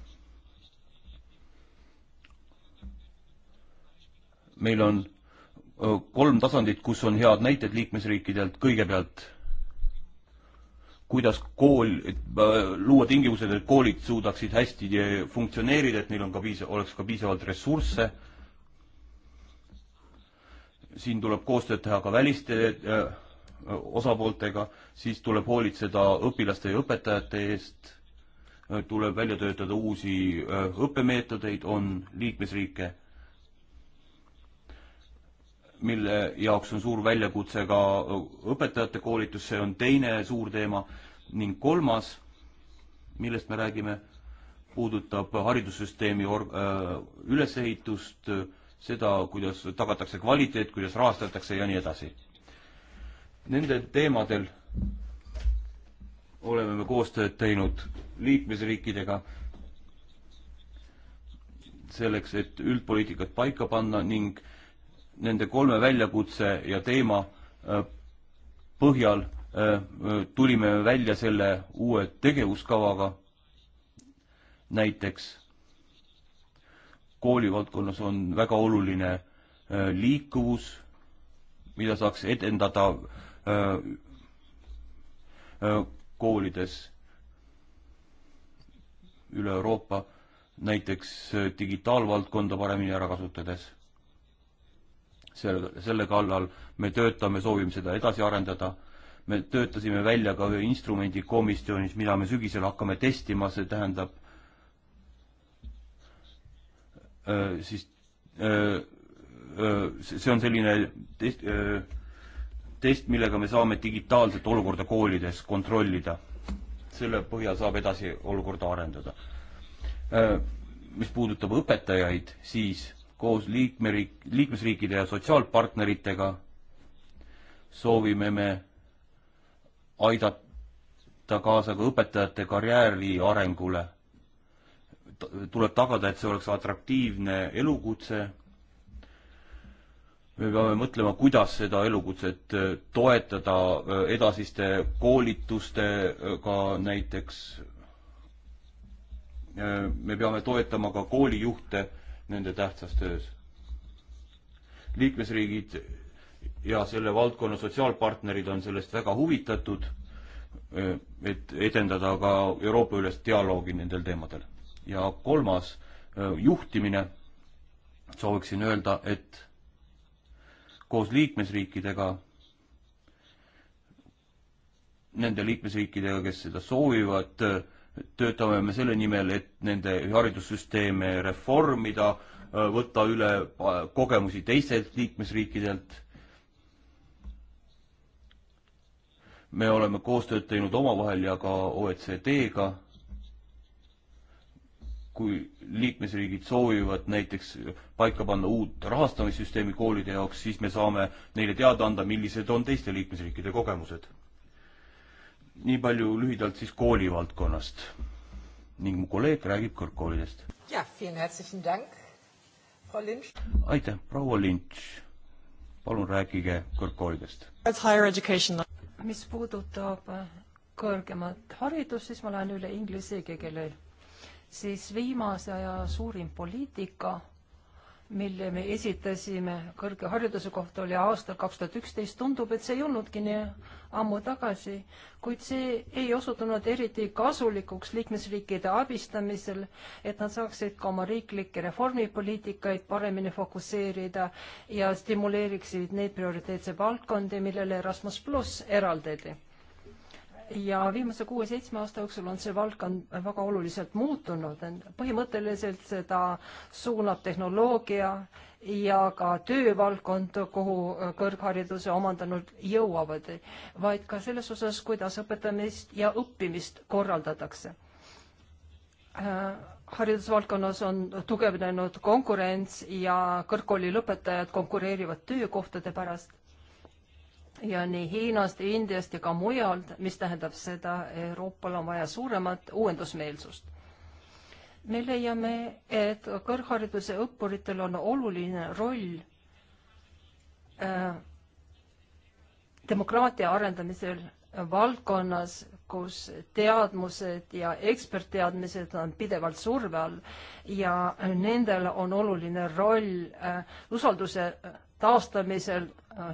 meil on kolm tasandit, kus on head näited liikmesriikidelt, kõigepealt kuidas kool, äh, luua tingimused, et koolid suudaksid hästi äh, funktsioneerida, et neil on ka piisav, oleks ka piisavalt ressursse. siin tuleb koostööd teha ka väliste äh, osapooltega, siis tuleb hoolitseda õpilaste ja õpetajate eest, tuleb välja töötada uusi õppemeetodeid, on liikmesriike mille jaoks on suur väljakutse ka õpetajate koolitus, see on teine suur teema, ning kolmas, millest me räägime, puudutab haridussüsteemi org-, äh, ülesehitust, seda, kuidas tagatakse kvaliteet, kuidas rahastatakse ja nii edasi. Nendel teemadel oleme me koostööd teinud liikmesriikidega selleks, et üldpoliitikat paika panna ning äh, nende kolme väljakutse ja teema äh, põhjal äh, äh, tulime välja selle uue tegevuskavaga. näiteks koolivaldkonnas on väga oluline liikuvus, mida saaks edendada koolides üle Euroopa, näiteks digitaalvaldkonda paremini ära kasutades selle, selle kallal me töötame, soovime seda edasi arendada, me töötasime välja ka ühe instrumendi komisjonis, mida me sügisel hakkame testima, see tähendab öö, äh, siis öö, äh, öö, äh, see on selline test, test, millega me saame digitaalset olukorda koolides kontrollida. selle põhjal saab edasi olukorda arendada. mis puudutab õpetajaid, siis koos liikmeriik, liikmesriikide ja sotsiaalpartneritega soovime me aidata kaasa ka õpetajate karjääri arengule. tuleb tagada, et see oleks atraktiivne elukutse. me peame mõtlema, kuidas seda elukutset äh, toetada äh, edasiste koolitustega näiteks. Äh, me peame toetama ka koolijuhte nende tähtsas töös. liikmesriigid ja selle valdkonna sotsiaalpartnerid on sellest väga huvitatud, eh, et edendada ka Euroopa üles dialoogi nendel teemadel. ja kolmas, eh, juhtimine, sooviksin öelda, et koos liikmesriikidega, nende liikmesriikidega, kes seda soovivad, eh, töötame me selle nimel, et nende haridussüsteeme reformida, äh, võtta üle äh, kogemusi teistelt liikmesriikidelt. me oleme koostööd teinud omavahel ja ka OECD-ga. kui liikmesriigid soovivad näiteks paika panna uut rahastamissüsteemi koolide jaoks, siis me saame neile teada anda, millised on teiste liikmesriikide kogemused nii palju lühidalt siis koolivaldkonnast ning mu kolleeg räägib kõrgkoolidest. jah, aitäh, proua Lynch. palun rääkige kõrgkoolidest. mis puudutab äh, kõrgemat haridust, siis ma lähen üle inglise keelele. siis viimase aja suurim poliitika mille me esitasime kõrghariduse kohta, oli aastal kaks tuhat üksteist, tundub, et see ei olnudki nii ammu tagasi, kuid see ei osutunud eriti kasulikuks liikmesriikide abistamisel, et nad saaksid ka oma riiklikke reformipoliitikaid paremini fokusseerida ja stimuleeriksid neid prioriteetse valdkondi, millele Erasmus pluss eraldati ja viimase kuue-seitsme aasta jooksul on see valdkond väga oluliselt muutunud. põhimõtteliselt seda suunab tehnoloogia ja ka töövaldkond, kuhu kõrghariduse omandanud jõuavad, vaid ka selles osas, kuidas õpetamist ja õppimist korraldatakse haridusvaldkonnas on tugevnenud konkurents ja kõrgkooli lõpetajad konkureerivad töökohtade pärast ja nii Hiinast, Indiast ja ka mujalt, mis tähendab seda, Euroopal on vaja suuremat uuendusmeelsust. me leiame, et kõrghariduse õppuritel on oluline roll äh, demokraatia arendamisel valdkonnas, kus teadmused ja ekspertteadmised on pidevalt surve all ja nendel on oluline roll äh, usalduse taastamisel äh,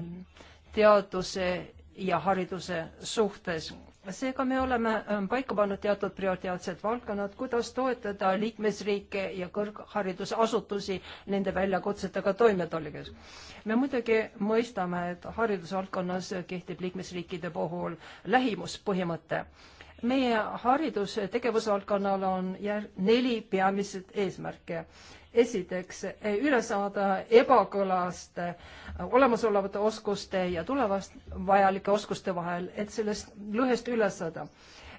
teaduse ja hariduse suhtes. seega me oleme äh, paika pannud teatud prioriteetsed valdkonnad, kuidas toetada liikmesriike ja kõrgharidusasutusi nende väljakutsetega toimetulekus. me muidugi mõistame, et haridusvaldkonnas kehtib liikmesriikide puhul lähimuspõhimõte meie haridustegevusvaldkonnal on jär-, neli peamist eesmärke esiteks eh, üle saada ebakõlast eh, olemasolevate oskuste ja tulevast vajalike oskuste vahel, et sellest lõhest üle saada.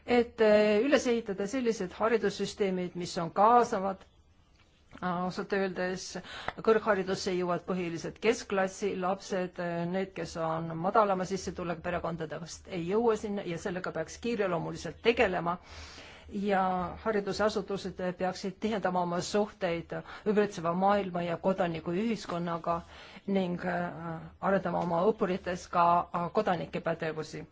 et eh, üles ehitada sellised haridussüsteemid, mis on kaasavad, äh, ausalt öeldes kõrgharidusse jõuavad põhiliselt keskklassi lapsed, äh, need, kes on madalama sissetulekuga perekondadest, ei jõua sinna ja sellega peaks kiireloomuliselt tegelema ja haridusasutused peaksid tihendama oma suhteid ümbritseva maailma ja kodanikuühiskonnaga ning äh, arendama oma õppurites ka äh, kodanike pädevusi.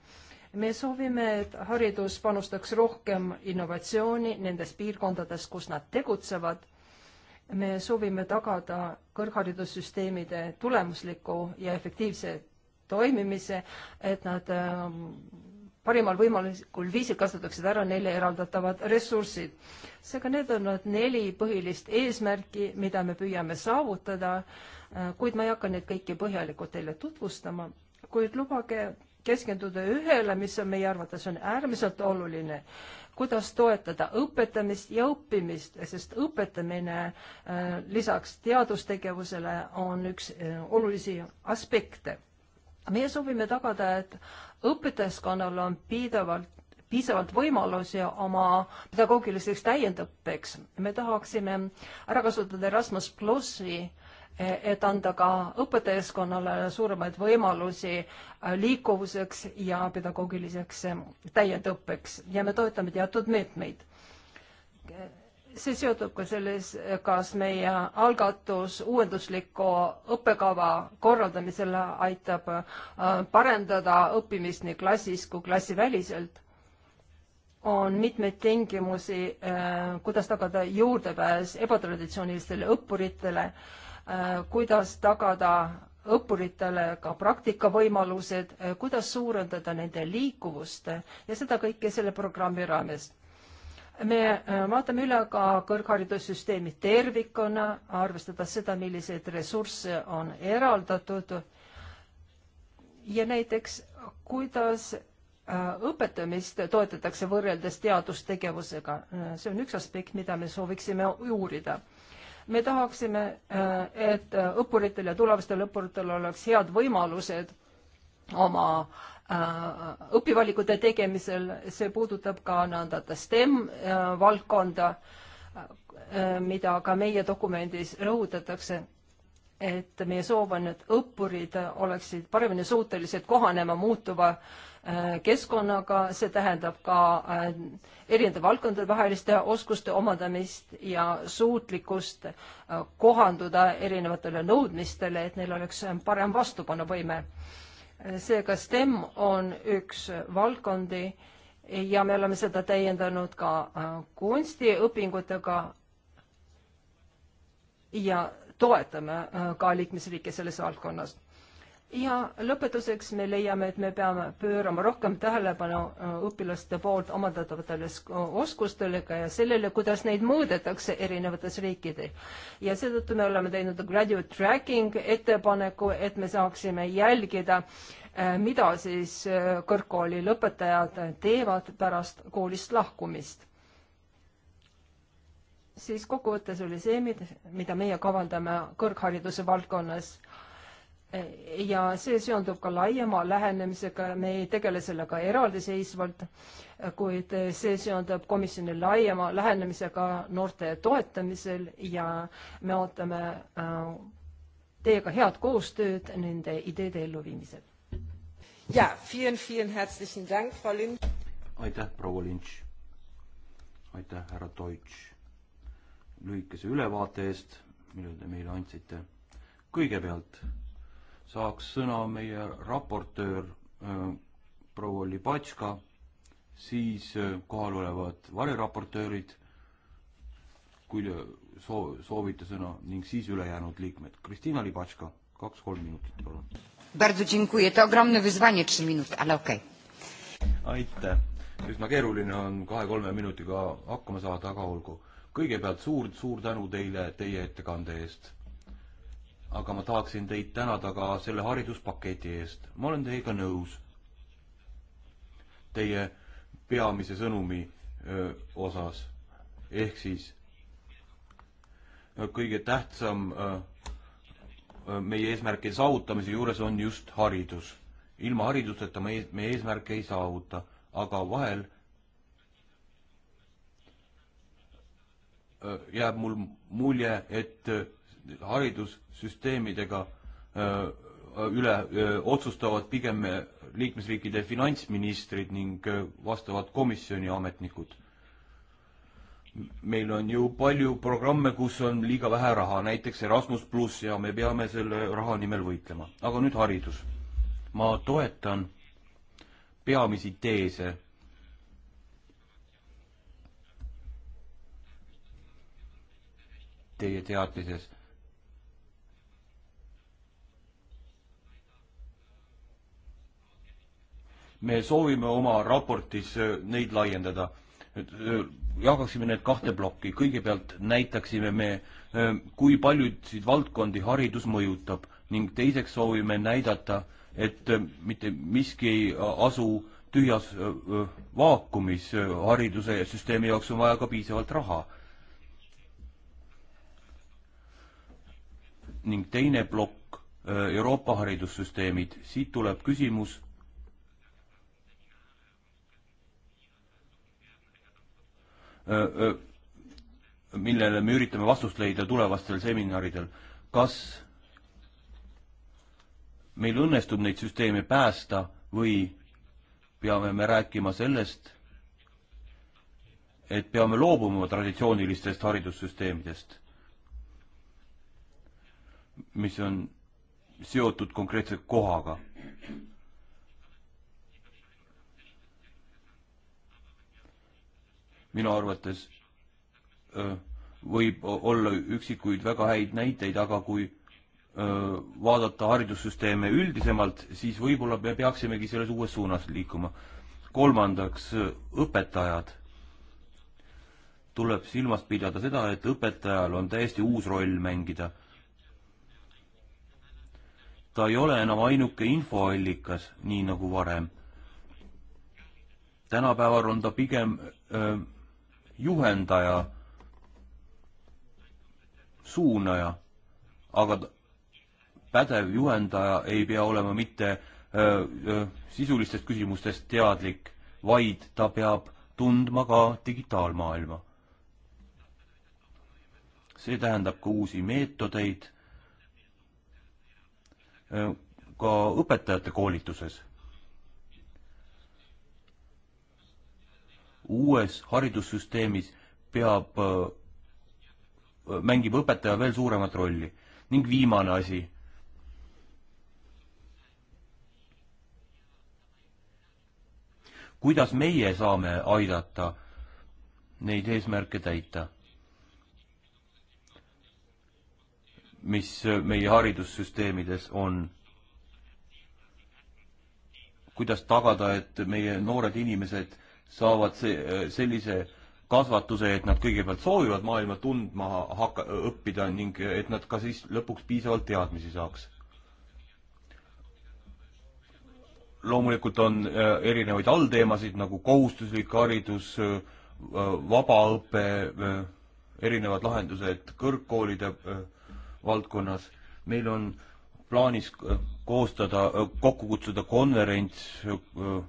me soovime, et haridus panustaks rohkem innovatsiooni nendes piirkondades, kus nad tegutsevad. me soovime tagada kõrgharidussüsteemide tulemusliku ja efektiivse toimimise, et nad ähm, parimal võimalikul viisil kasutatakse ära neile eraldatavad ressursid. seega need on need neli põhilist eesmärki, mida me püüame saavutada, äh, kuid ma ei hakka neid kõiki põhjalikult teile tutvustama, kuid lubage keskenduda ühele, mis on meie arvates on äärmiselt oluline, kuidas toetada õpetamist ja õppimist, sest õpetamine äh, lisaks teadustegevusele on üks äh, olulisi aspekte meie soovime tagada, et õpetajaskonnal on piisavalt, piisavalt võimalusi oma pedagoogiliseks täiendõppeks. me tahaksime ära kasutada Erasmus plussi, e, et anda ka õpetajaskonnale suuremaid võimalusi e, liikuvuseks ja pedagoogiliseks e, täiendõppeks ja me toetame teatud meetmeid see seotub ka selles, kas meie algatus uuendusliku õppekava korraldamisel aitab äh, parendada õppimist nii klassis kui klassiväliselt. on mitmeid tingimusi, äh, kuidas tagada juurdepääs ebatraditsioonilistele õppuritele, äh, kuidas tagada õppuritele ka praktikavõimalused, kuidas suurendada nende liikuvust ja seda kõike selle programmi raames me äh, vaatame üle ka kõrgharidussüsteemi tervikuna, arvestades seda, milliseid ressursse on eraldatud ja näiteks kuidas äh, õpetamist toetatakse võrreldes teadustegevusega. Äh, see on üks aspekt, mida me sooviksime uurida. me tahaksime, et õppuritel ja tulevastel õppuritel oleks head võimalused oma äh, õpivalikute tegemisel, see puudutab ka nõndada STEM äh, valdkonda, äh, mida ka meie dokumendis rõhutatakse, et meie soov on, et õppurid oleksid paremini suutelised kohanema muutuva keskkonnaga, see tähendab ka erinevate valdkondade vaheliste oskuste omandamist ja suutlikkust kohanduda erinevatele nõudmistele, et neil oleks parem vastupanuvõime seega STEM on üks valdkondi ja me oleme seda täiendanud ka äh, kunstiõpingutega ja toetame äh, ka liikmesriike selles valdkonnas ja lõpetuseks me leiame, et me peame pöörama rohkem tähelepanu äh, õpilaste poolt omandatavale oskustele ja sellele, kuidas neid mõõdetakse erinevates riikides. ja seetõttu me oleme teinud graduate tracking ettepaneku, et me saaksime jälgida, äh, mida siis äh, kõrgkooli lõpetajad teevad pärast koolist lahkumist. siis kokkuvõttes oli see, mida meie kavandame kõrghariduse valdkonnas ja see seondub ka laiema lähenemisega, me ei tegele sellega eraldiseisvalt, kuid see seondub komisjoni laiema lähenemisega noorte toetamisel ja me ootame äh, teiega head koostööd nende ideede elluviimisel. ja, aitäh, proua Lynch. aitäh, härra Deutsch, lühikese ülevaate eest, mille te meile andsite. kõigepealt saaks sõna meie raportöör äh, proua Libatška, siis äh, kohal olevad variraportöörid, kui te soo-, soovite sõna, ning siis ülejäänud liikmed. Kristina Libatška, kaks-kolm minutit, palun. Bardzo dziękuję, to ogromne wyzwanie, trzy minuty, ale okei okay.. aitäh, üsna keeruline on kahe-kolme minutiga hakkama saada, aga olgu. kõigepealt suur, suur tänu teile teie ettekande eest aga ma tahaksin teid tänada ka selle hariduspaketi eest. ma olen teiega nõus. Teie peamise sõnumi öö, osas ehk siis kõige tähtsam öö, meie eesmärkide saavutamise juures on just haridus. ilma hariduseta me, me eesmärke ei saavuta, aga vahel jääb mul mulje, et haridussüsteemidega äh, üle äh, otsustavad pigem äh, liikmesriikide finantsministrid ning vastavad komisjoni ametnikud. meil on ju palju programme, kus on liiga vähe raha, näiteks Erasmus pluss ja me peame selle raha nimel võitlema. aga nüüd haridus. ma toetan peamisi teese teie teadmises me soovime oma raportis äh, neid laiendada. Äh, jagaksime need kahte plokki, kõigepealt näitaksime me, äh, kui paljusid valdkondi haridus mõjutab ning teiseks soovime näidata, et mitte miski ei asu tühjas vaakumis, hariduse ja süsteemi jaoks on vaja ka piisavalt raha. ning teine plokk, Euroopa haridussüsteemid, siit tuleb küsimus millele me üritame vastust leida tulevastel seminaridel. kas meil õnnestub neid süsteeme päästa või peame me rääkima sellest, et peame loobuma traditsioonilistest haridussüsteemidest, mis on seotud konkreetse kohaga minu arvates võib olla üksikuid väga häid näiteid, aga kui vaadata haridussüsteeme üldisemalt, siis võib-olla me peaksimegi selles uues suunas liikuma. kolmandaks, õpetajad. tuleb silmas pidada seda, et õpetajal on täiesti uus roll mängida. ta ei ole enam ainuke infoallikas, nii nagu varem. tänapäeval on ta pigem öö, juhendaja, suunaja, aga pädev juhendaja ei pea olema mitte öö, öö, sisulistest küsimustest teadlik, vaid ta peab tundma ka digitaalmaailma. see tähendab ka uusi meetodeid, ka õpetajate koolituses uues haridussüsteemis peab, mängib õpetaja veel suuremat rolli. ning viimane asi. kuidas meie saame aidata neid eesmärke täita? mis meie haridussüsteemides on kuidas tagada, et meie noored inimesed saavad see, sellise kasvatuse, et nad kõigepealt soovivad maailma tundma hakka, õppida ning et nad ka siis lõpuks piisavalt teadmisi saaks. loomulikult on äh, erinevaid allteemasid nagu kohustuslik haridus, äh, vabaõpe, äh, erinevad lahendused kõrgkoolide valdkonnas. meil on äh, plaanis äh, koostada, äh, kokku kutsuda konverents äh,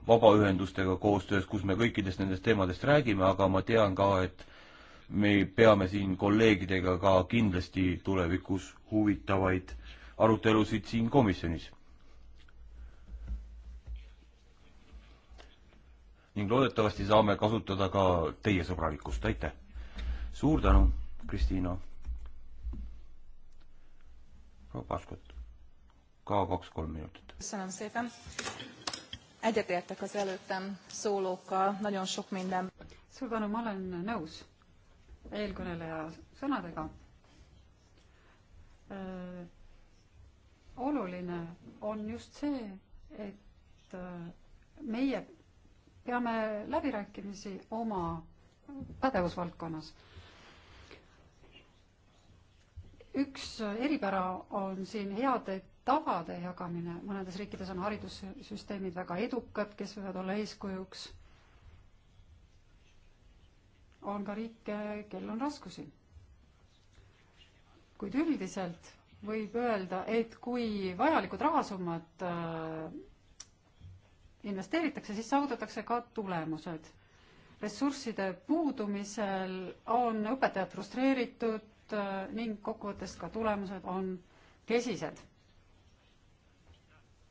vabaühendustega koostöös, kus me kõikidest nendest teemadest räägime, aga ma tean ka, et me peame siin kolleegidega ka kindlasti tulevikus huvitavaid arutelusid siin komisjonis. ning loodetavasti saame kasutada ka teie sõbralikkust, aitäh! suur tänu, Kristiina! proua Paskut ka kaks-kolm minutit. Egyetértek az előttem szólókkal, nagyon sok minden. Suur tänu, ma olen nõus eelkõneleja sõnadega. Äh, oluline on just see, et äh, meie peame läbirääkimisi oma pädevusvaldkonnas. üks eripära on siin heade tavade jagamine, mõnedes riikides on haridussüsteemid väga edukad, kes võivad olla eeskujuks. on ka riike, kel on raskusi. kuid üldiselt võib öelda, et kui vajalikud rahasummad äh, investeeritakse, siis saavutatakse ka tulemused. ressursside puudumisel on õpetajad frustreeritud äh, ning kokkuvõttes ka tulemused on kesised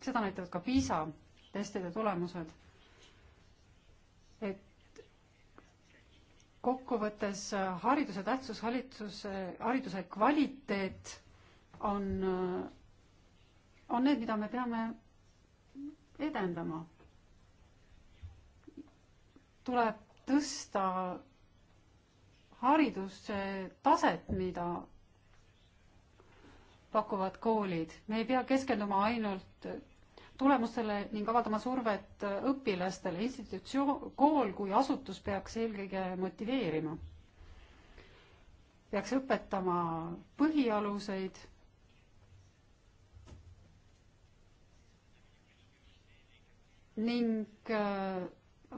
seda näitavad ka PISA testide tulemused. et kokkuvõttes äh, hariduse tähtsus, hariduse, hariduse kvaliteet on, äh, on need, mida me peame edendama. tuleb tõsta hariduse taset, mida pakuvad koolid. me ei pea keskenduma ainult tulemustele ning avaldama survet õpilastele. institutsioon, kool kui asutus peaks eelkõige motiveerima, peaks õpetama põhialuseid. ning äh,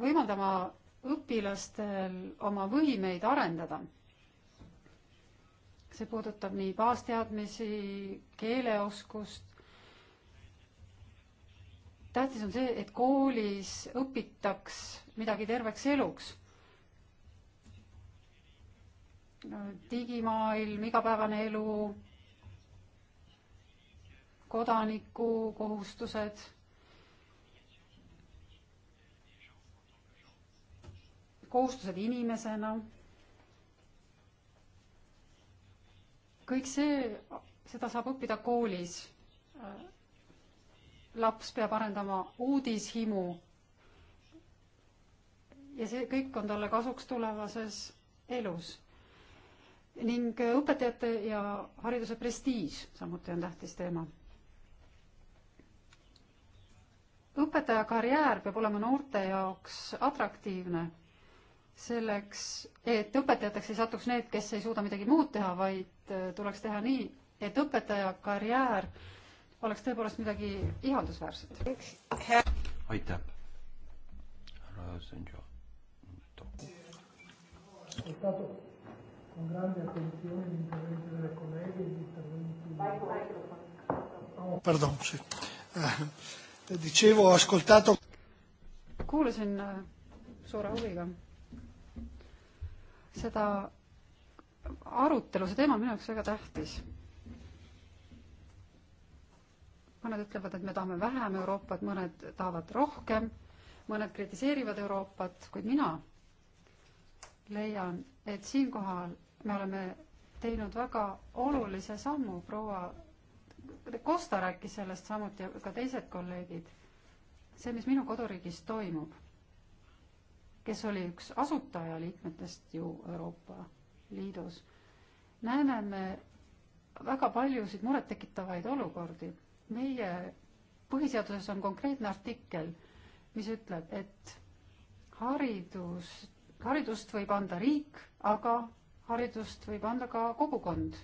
võimaldama õpilastel oma võimeid arendada. see puudutab nii baasteadmisi, keeleoskust, tähtis on see, et koolis õpitaks midagi terveks eluks. digimaailm, igapäevane elu, kodaniku kohustused. kohustused inimesena. kõik see, seda saab õppida koolis laps peab arendama uudishimu. ja see kõik on talle kasuks tulevases elus. ning õpetajate ja hariduse prestiiž samuti on tähtis teema. õpetaja karjäär peab olema noorte jaoks atraktiivne, selleks et õpetajateks ei satuks need, kes ei suuda midagi muud teha, vaid äh, tuleks teha nii, et õpetaja karjäär äh, oleks tõepoolest midagi ihaldusväärset. aitäh, härra Senjo. Pardon, sì. Eh, dicevo, ho ascoltato. Kuulasin eh, suure huviga seda arutelu, see teema on minu jaoks väga tähtis mõned ütlevad, et me tahame vähem Euroopat, mõned tahavad rohkem, mõned kritiseerivad Euroopat, kuid mina leian, et siinkohal me oleme teinud väga olulise sammu, proua Kosta rääkis sellest samuti ja ka teised kolleegid. see, mis minu koduriigis toimub, kes oli üks asutaja liikmetest ju Euroopa Liidus, näeme me väga paljusid murettekitavaid olukordi meie põhiseaduses on konkreetne artikkel, mis ütleb, et haridus, haridust võib anda riik, aga haridust võib anda ka kogukond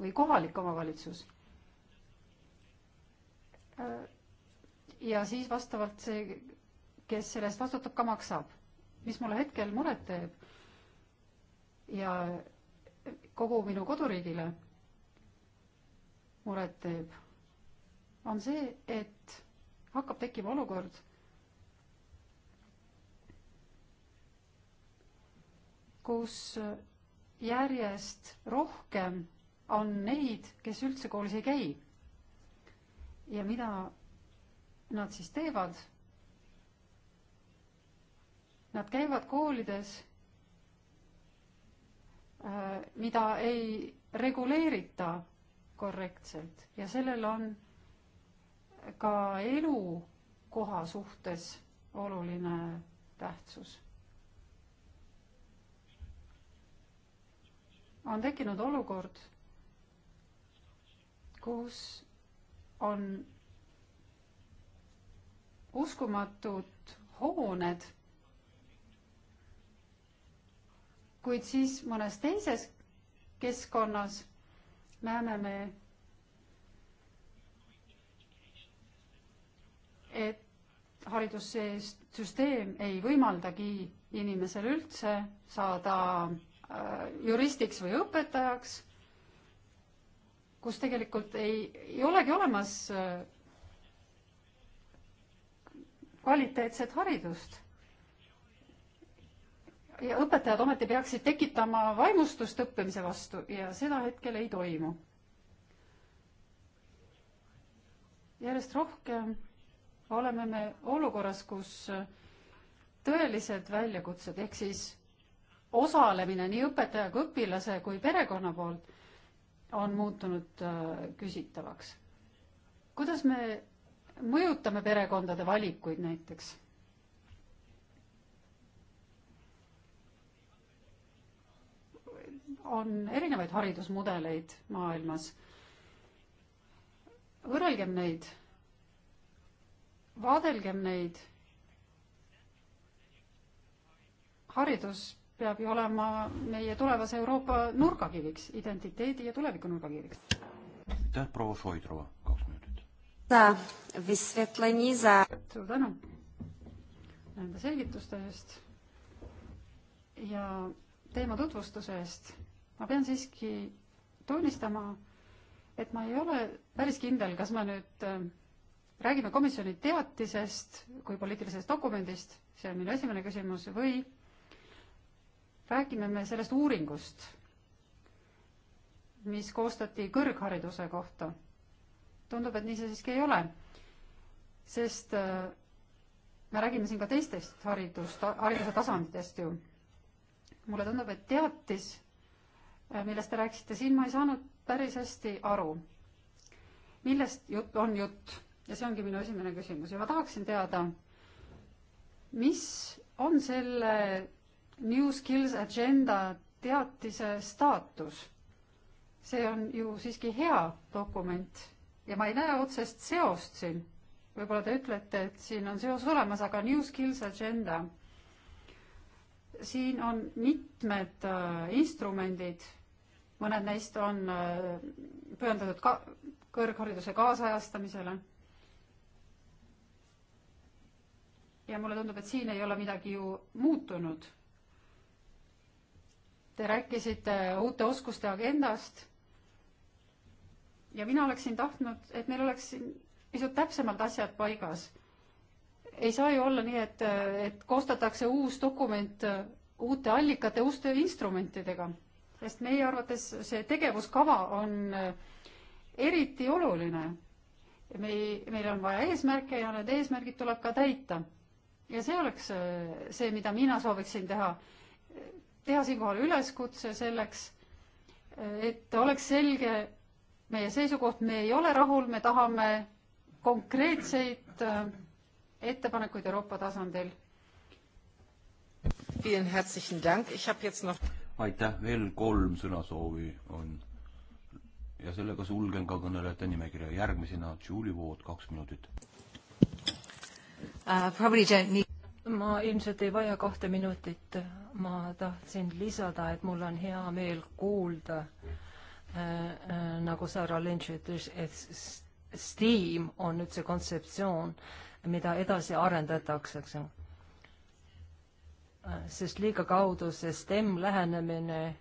või kohalik omavalitsus. ja siis vastavalt see, kes selle eest vastutab, ka maksab. mis mulle hetkel muret teeb ja kogu minu koduriigile muret teeb on see, et hakkab tekkima olukord, kus järjest rohkem on neid, kes üldse koolis ei käi. ja mida nad siis teevad? Nad käivad koolides, äh, mida ei reguleerita korrektselt ja sellel on ka elukoha suhtes oluline tähtsus. on tekkinud olukord, kus on uskumatud hooned, kuid siis mõnes teises keskkonnas näeme me et haridussüsteem ei võimaldagi inimesel üldse saada äh, juristiks või õpetajaks, kus tegelikult ei, ei olegi olemas äh, kvaliteetset haridust. ja õpetajad ometi peaksid tekitama vaimustust õppimise vastu ja seda hetkel ei toimu. järjest rohkem oleme me olukorras, kus tõelised väljakutsed ehk siis osalemine nii õpetaja kui õpilase kui perekonna poolt on muutunud äh, küsitavaks. kuidas me mõjutame perekondade valikuid näiteks? on erinevaid haridusmudeleid maailmas. võrrelgem neid vaadelgem neid. haridus peab ju olema meie tulevase Euroopa nurgakiviks, identiteedi ja tuleviku nurgakiviks. aitäh, proua Šoidrova, kaks minutit. suur tänu nende selgituste eest ja teema tutvustuse eest. ma pean siiski tunnistama, et ma ei ole päris kindel, kas ma nüüd äh, räägime komisjoni teatisest kui poliitilisest dokumendist, see on minu esimene küsimus, või räägime me sellest uuringust, mis koostati kõrghariduse kohta. tundub, et nii see siiski ei ole, sest äh, me räägime siin ka teistest haridust, hariduse tasanditest ju. mulle tundub, et teatis, äh, millest te rääkisite, siin ma ei saanud päris hästi aru. millest jutt on jutt? ja see ongi minu esimene küsimus ja ma tahaksin teada, mis on selle New Skills Agenda teatise staatus? see on ju siiski hea dokument ja ma ei näe otsest seost siin. võib-olla te ütlete, et siin on seos olemas, aga New Skills Agenda, siin on mitmed äh, instrumendid, mõned neist on äh, pühendatud ka kõrghariduse kaasajastamisele ja mulle tundub, et siin ei ole midagi ju muutunud. Te rääkisite uute oskuste agendast ja mina oleksin tahtnud, et meil oleks siin pisut täpsemalt asjad paigas. ei saa ju olla nii, et, et koostatakse uus dokument uute allikate, uute instrumentidega, sest meie arvates see tegevuskava on eriti oluline. me, meil on vaja eesmärke ja need eesmärgid tuleb ka täita ja see oleks äh, see, mida mina sooviksin teha. teha siinkohal üleskutse selleks, äh, et oleks selge meie seisukoht, me ei ole rahul, me tahame konkreetseid äh, ettepanekuid Euroopa tasandil. aitäh, veel kolm sõnasoovi on. ja sellega sulgen ka kõnelejate nimekirja, järgmisena Julie Wood, kaks minutit uh, probably don't need ma ilmselt ei vaja kahte minutit, ma tahtsin lisada, et mul on hea meel kuulda äh, äh, nagu Sarah Lynch ütles, et STEAM on nüüd see kontseptsioon, mida edasi arendatakse, eks äh, ju. sest liiga kaudu see STEM lähenemine äh,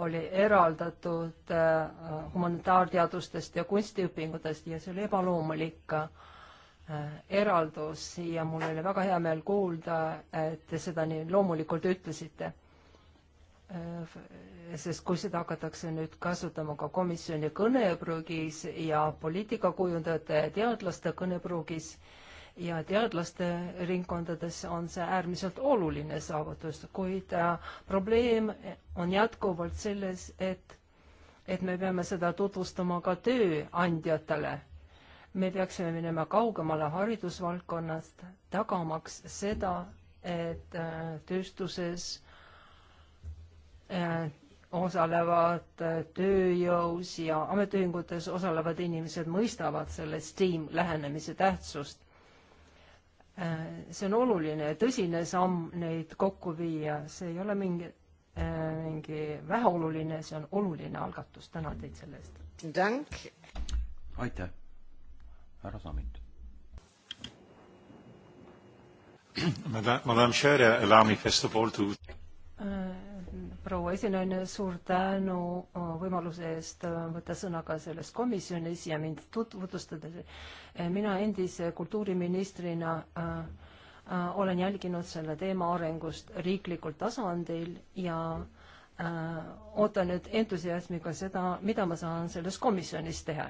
oli eraldatud äh, humanitaarteadustest ja kunstiõpingutest ja see oli ebaloomulik äh, Äh, eraldus ja mul oli väga hea meel kuulda, et te seda nii loomulikult ütlesite. Äh, sest kui seda hakatakse nüüd kasutama ka komisjoni kõnepruugis ja poliitikakujundajate ja teadlaste kõnepruugis ja teadlaste ringkondades on see äärmiselt oluline saavutus, kuid äh, probleem on jätkuvalt selles, et, et me peame seda tutvustama ka tööandjatele me peaksime minema kaugemale haridusvaldkonnast, tagamaks seda, et äh, tööstuses äh, osalevad äh, tööjõus ja ametiühingutes osalevad inimesed mõistavad selle STEAM lähenemise tähtsust. see on oluline ja tõsine samm neid kokku viia, see ei ole mingi, mingi väheoluline, see on oluline algatus, tänan teid selle eest. aitäh härra Samit. [CLEARS THROAT] Madame Chair, allow me first of all to äh, proua esinaine, suur tänu äh, võimaluse eest äh, võtta sõna ka selles komisjonis ja mind tutvustada. mina endise kultuuriministrina olen jälginud selle teema arengust riiklikul tasandil ja ootan nüüd entusiasmiga seda, mida ma saan selles komisjonis teha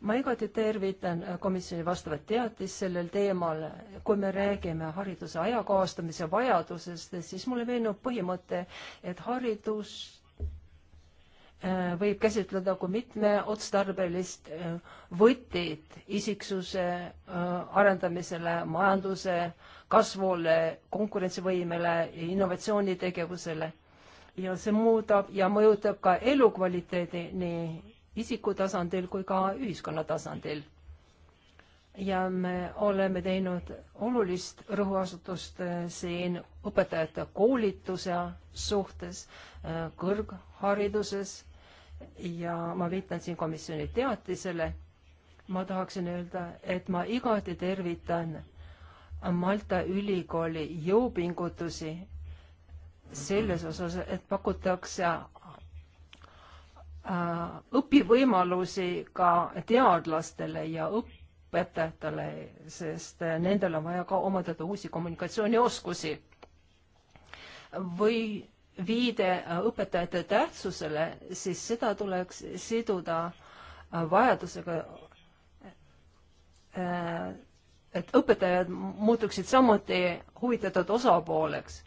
ma igati tervitan komisjoni vastavat teatist sellel teemal. kui me räägime hariduse ajakohastamise vajadusest, siis mulle meenub põhimõte, et haridus äh, võib käsitleda kui mitmeotstarbelist äh, võtit isiksuse äh, arendamisele, majanduse kasvule, konkurentsivõimele, innovatsioonitegevusele ja see muudab ja mõjutab ka elukvaliteedi nii isiku tasandil kui ka ühiskonna tasandil. ja me oleme teinud olulist rõhuasutust äh, siin õpetajate koolituse suhtes äh, kõrghariduses ja ma viitan siin komisjoni teatisele. ma tahaksin öelda, et ma igati tervitan Malta ülikooli jõupingutusi selles osas, et pakutakse Äh, õpivõimalusi ka teadlastele ja õpetajatele, sest äh, nendel on vaja ka omandada uusi kommunikatsioonioskusi. või viide äh, õpetajate tähtsusele, siis seda tuleks siduda vajadusega, et õpetajad muutuksid samuti huvitatud osapooleks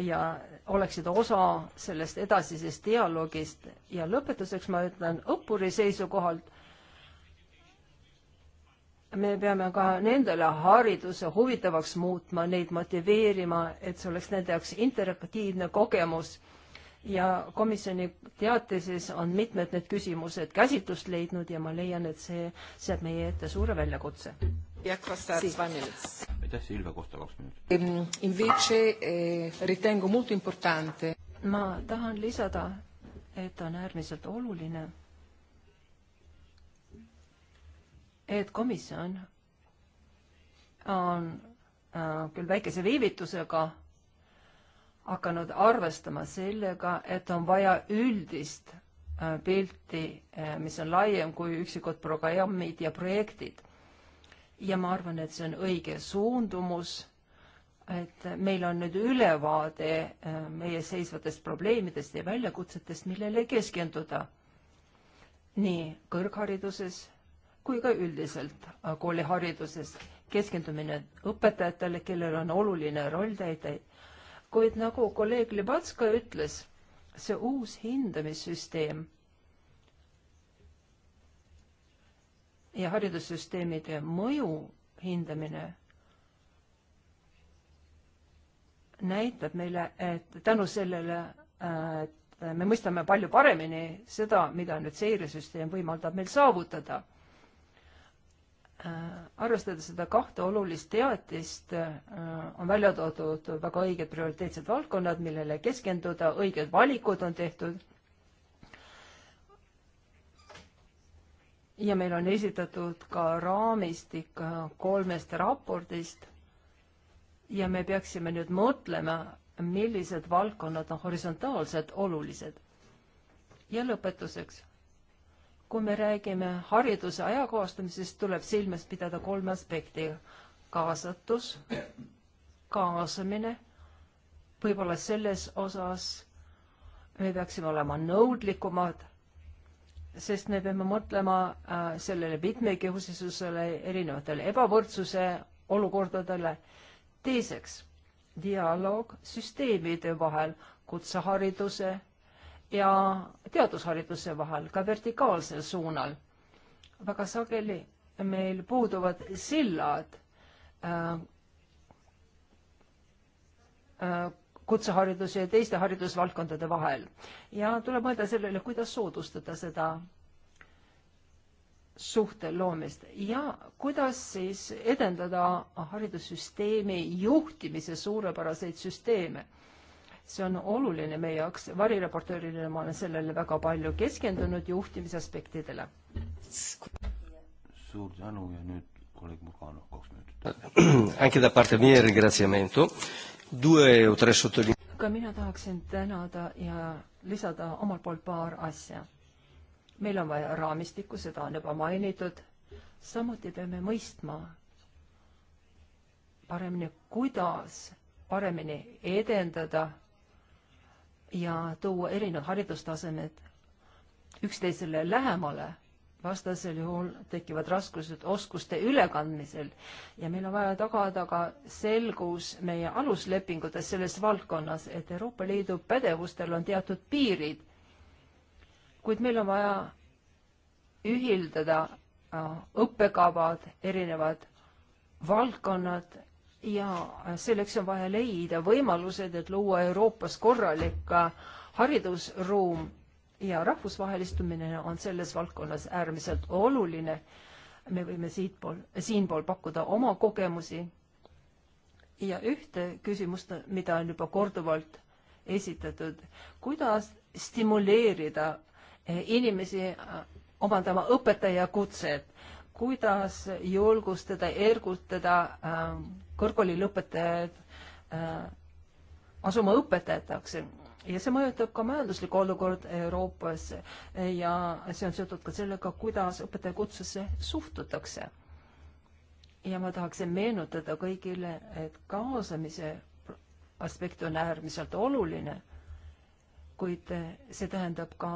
ja oleksid osa sellest edasisest dialoogist ja lõpetuseks ma ütlen õppuri seisukohalt, me peame ka nendele hariduse huvitavaks muutma, neid motiveerima, et see oleks nende jaoks interaktiivne kogemus ja komisjoni teatises on mitmed need küsimused käsitlust leidnud ja ma leian, et see seab meie ette suure väljakutse aitäh, Silvia Kosta, kaks minutit. Invece eh, ritengo molto importante. ma tahan lisada, et on äärmiselt oluline, et komisjon on äh, küll väikese viivitusega hakanud arvestama sellega, et on vaja üldist äh, pilti äh,, mis on laiem kui üksikud programmid ja projektid ja ma arvan, et see on õige suundumus, et meil on nüüd ülevaade äh, meie seisvatest probleemidest ja väljakutsetest, millele keskenduda nii kõrghariduses kui ka üldiselt äh, koolihariduses. keskendumine õpetajatele, kellel on oluline roll täida, kuid nagu kolleeg Libatska ütles, see uus hindamissüsteem ja haridussüsteemide mõju hindamine näitab meile, et tänu sellele, et me mõistame palju paremini seda, mida nüüd seiresüsteem võimaldab meil saavutada. arvestades seda kahte olulist teatist, on välja toodud väga õiged prioriteetsed valdkonnad, millele keskenduda, õiged valikud on tehtud ja meil on esitatud ka raamistik äh, kolmest raportist ja me peaksime nüüd mõtlema, millised valdkonnad on horisontaalselt olulised. ja lõpetuseks, kui me räägime hariduse ajakohastamisest, tuleb silmas pidada kolme aspekti. kaasatus, kaasamine, võib-olla selles osas me peaksime olema nõudlikumad sest me peame mõtlema äh, sellele mitmekihusisusele, erinevatele ebavõrdsuse olukordadele. teiseks, dialoog süsteemide vahel, kutsehariduse ja teadushariduse vahel, ka vertikaalsel suunal. väga sageli meil puuduvad sillad äh, äh, kutsehariduse ja teiste haridusvaldkondade vahel. ja tuleb mõelda sellele, kuidas soodustada seda suhte loomist ja kuidas siis edendada haridussüsteemi juhtimise suurepäraseid süsteeme. see on oluline meie jaoks, varireportöörina ma olen sellele väga palju keskendunud juhtimise aspektidele. suur tänu ja nüüd kolleeg Murganov, kaks minutit. Anche da parte mia ringraziamento due o tre sottolineature. ka mina tahaksin tänada ja lisada omalt poolt paar asja. meil on vaja raamistikku, seda on juba mainitud. samuti peame mõistma paremini, kuidas paremini edendada ja tuua erinevad haridustasemed üksteisele lähemale vastasel juhul tekivad raskused oskuste ülekandmisel ja meil on vaja tagada ka selgus meie aluslepingutes selles valdkonnas, et Euroopa Liidu pädevustel on teatud piirid. kuid meil on vaja ühildada äh, õppekavad, erinevad valdkonnad ja selleks on vaja leida võimalused, et luua Euroopas korralik äh, haridusruum ja rahvusvahelistumine on selles valdkonnas äärmiselt oluline. me võime siitpool, siinpool pakkuda oma kogemusi ja ühte küsimust, mida on juba korduvalt esitatud, kuidas stimuleerida eh, inimesi eh, omandama õpetajakutset, kuidas julgustada, ergutada eh, kõrgkooli lõpetajaid asuma õpetajateks ja see mõjutab ka majanduslikku olukorda Euroopas ja see on seotud ka sellega, kuidas õpetajakutsesse suhtutakse. ja ma tahaksin meenutada kõigile, et kaasamise aspekt on äärmiselt oluline, kuid see tähendab ka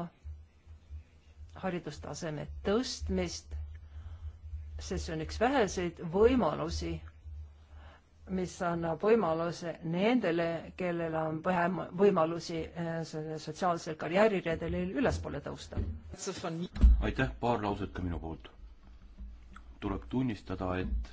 haridustaseme tõstmist, sest see on üks väheseid võimalusi mis annab võimaluse nendele, kellel on vähem võimalusi eh, selle sotsiaalsel karjääriredelil ülespoole tõusta. aitäh, paar lauset ka minu poolt. tuleb tunnistada, et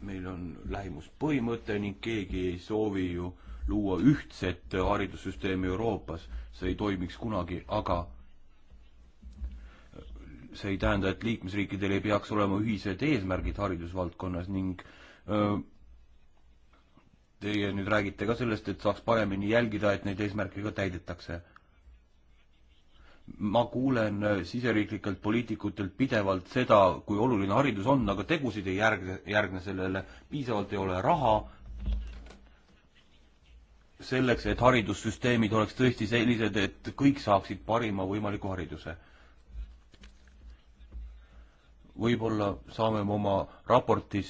meil on lähimuspõhimõte ning keegi ei soovi ju luua ühtset haridussüsteemi Euroopas, see ei toimiks kunagi, aga see ei tähenda, et liikmesriikidel ei peaks olema ühised eesmärgid haridusvaldkonnas ning öö, teie nüüd räägite ka sellest, et saaks paremini jälgida, et neid eesmärke ka täidetakse. ma kuulen siseriiklikelt poliitikutelt pidevalt seda, kui oluline haridus on, aga tegusid ei järgne, järgne sellele, piisavalt ei ole raha selleks, et haridussüsteemid oleks tõesti sellised, et kõik saaksid parima võimaliku hariduse võib-olla saame me oma raportis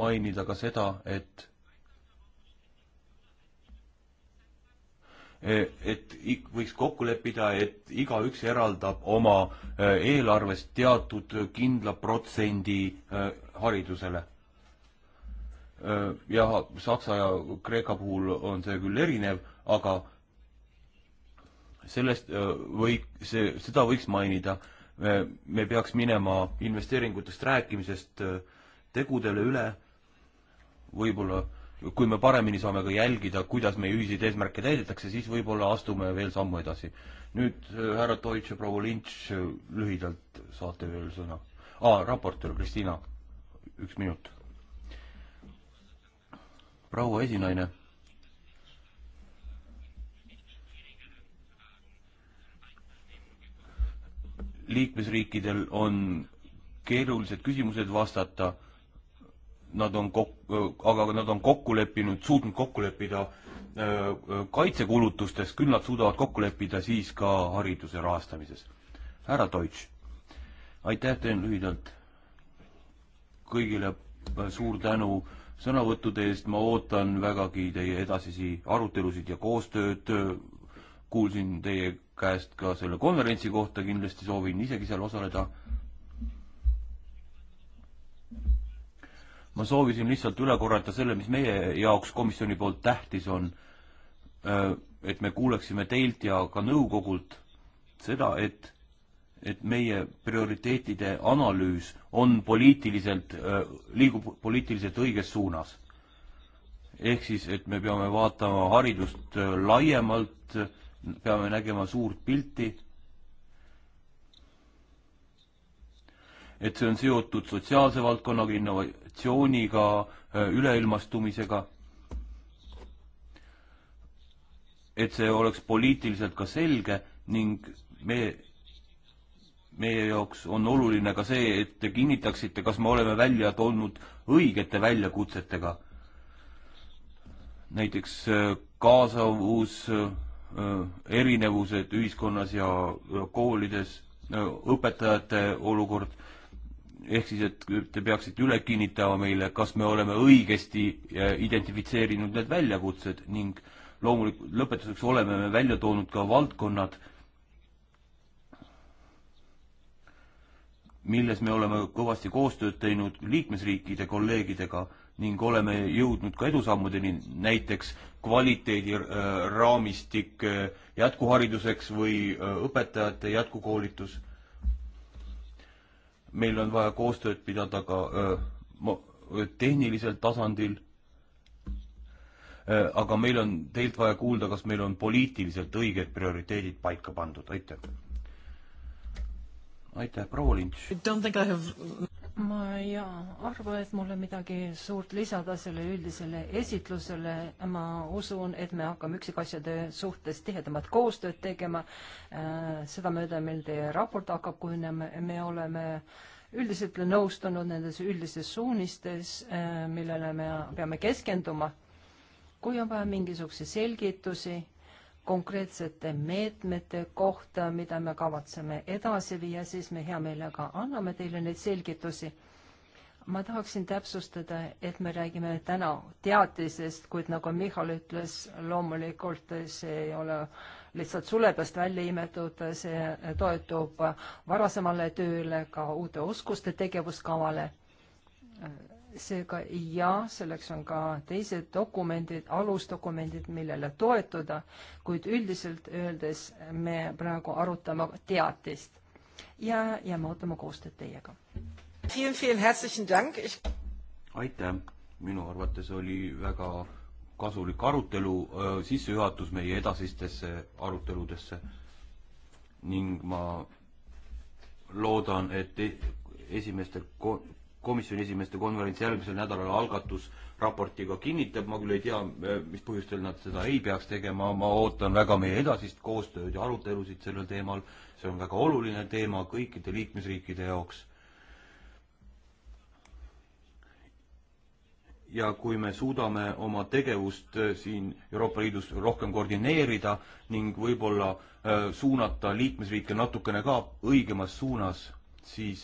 mainida ka seda, et et võiks kokku leppida, et igaüks eraldab oma eh, eelarvest teatud kindla protsendi eh, haridusele. Eh, jah, Saksa ja Kreeka puhul on see küll erinev, aga sellest või see, seda võiks mainida me peaks minema investeeringutest rääkimisest äh, tegudele üle, võib-olla kui me paremini saame ka jälgida, kuidas meie ühiseid eesmärke täidetakse, siis võib-olla astume veel sammu edasi. nüüd äh, härra Deutsch ja proua Lynch, äh, lühidalt saate veel sõna ah,. raportöör Kristina, üks minut. proua esinaine liikmesriikidel on keerulised küsimused vastata, nad on kok-, aga nad on kokku leppinud, suutnud kokku leppida äh, äh, kaitsekulutustes, küll nad suudavad kokku leppida siis ka hariduse rahastamises. härra Deutsch, aitäh teile lühidalt kõigile äh, suur tänu sõnavõttude eest, ma ootan vägagi teie edasisi arutelusid ja koostööd kuulsin teie käest ka selle konverentsi kohta, kindlasti soovin isegi seal osaleda. ma soovisin lihtsalt üle korrata selle, mis meie jaoks komisjoni poolt tähtis on. et me kuuleksime teilt ja ka nõukogult seda, et, et meie prioriteetide analüüs on poliitiliselt, liigub poliitiliselt õiges suunas ehk siis, et me peame vaatama haridust laiemalt, peame nägema suurt pilti, et see on seotud sotsiaalse valdkonnaga, innovatsiooniga, äh, üleilmastumisega, et see oleks poliitiliselt ka selge ning me, meie jaoks on oluline ka see, et te kinnitaksite, kas me oleme välja toonud õigete väljakutsetega. näiteks äh, kaasavus äh, Äh, erinevused ühiskonnas ja koolides, äh, õpetajate olukord, ehk siis, et te peaksite üle kinnitama meile, kas me oleme õigesti äh, identifitseerinud need väljakutsed ning loomulikult lõpetuseks oleme me välja toonud ka valdkonnad, milles me oleme kõvasti koostööd teinud liikmesriikide kolleegidega ning oleme jõudnud ka edusammudeni, näiteks kvaliteediraamistik äh, äh, jätkuhariduseks või äh, õpetajate jätkukoolitus. meil on vaja koostööd pidada ka tehnilisel tasandil. aga meil on teilt vaja kuulda, kas meil on poliitiliselt õiged prioriteedid paika pandud, aitäh. aitäh, proua Lynch ma ei arva, et mul on midagi suurt lisada selle üldisele esitlusele. ma usun, et me hakkame üksikasjade suhtes tihedamat koostööd tegema. Äh, sedamööda meil teie raport hakkab kujunema. me oleme üldiselt nõustunud nendes üldistes suunistes, äh, millele me peame keskenduma. kui on vaja mingisuguseid selgitusi konkreetsete meetmete kohta, mida me kavatseme edasi viia, siis me hea meelega anname teile neid selgitusi. ma tahaksin täpsustada, et me räägime täna teatisest, kuid nagu Michal ütles, loomulikult see ei ole lihtsalt sulepeast välja imetud, see toetub varasemale tööle, ka uute oskuste tegevuskavale seega jah, selleks on ka teised dokumendid, alusdokumendid, millele toetuda, kuid üldiselt öeldes me praegu arutame teatist ja jääme ootama koostööd teiega. aitäh, minu arvates oli väga kasulik arutelu, äh, sissejuhatus meie edasistesse aruteludesse ning ma loodan, et e-, esimestel komisjoni esimeeste konverents järgmisel nädalal algatusraportiga kinnitab, ma küll ei tea, mis põhjustel nad seda ei peaks tegema, ma ootan väga meie edasist koostööd ja arutelusid sellel teemal, see on väga oluline teema kõikide liikmesriikide jaoks. ja kui me suudame oma tegevust äh, siin Euroopa Liidus rohkem koordineerida ning võib-olla äh, suunata liikmesriike natukene ka õigemas suunas, siis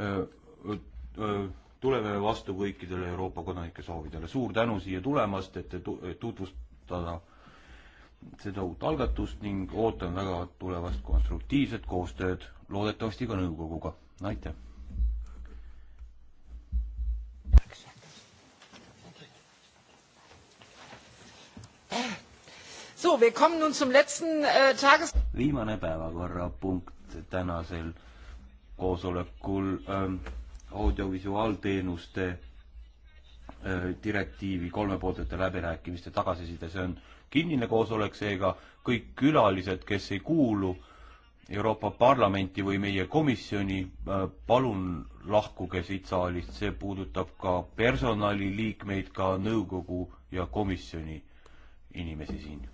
äh, tuleme vastu kõikidele Euroopa kodanike soovidele. suur tänu siia tulemast, et te tutvustada seda uut algatust ning ootan väga tulevast konstruktiivset koostööd, loodetavasti ka nõukoguga. aitäh! So, wir kommen nun zum letzten äh, Tages... Viimane päevakorrapunkt tänasel koosolekul ähm, audiovisuaalteenuste äh, direktiivi kolmepoolsete läbirääkimiste tagasiside, see on kinnine koosolek, seega kõik külalised, kes ei kuulu Euroopa Parlamenti või meie komisjoni, äh, palun lahkuge siit saalist, see puudutab ka personaliliikmeid, ka nõukogu ja komisjoni inimesi siin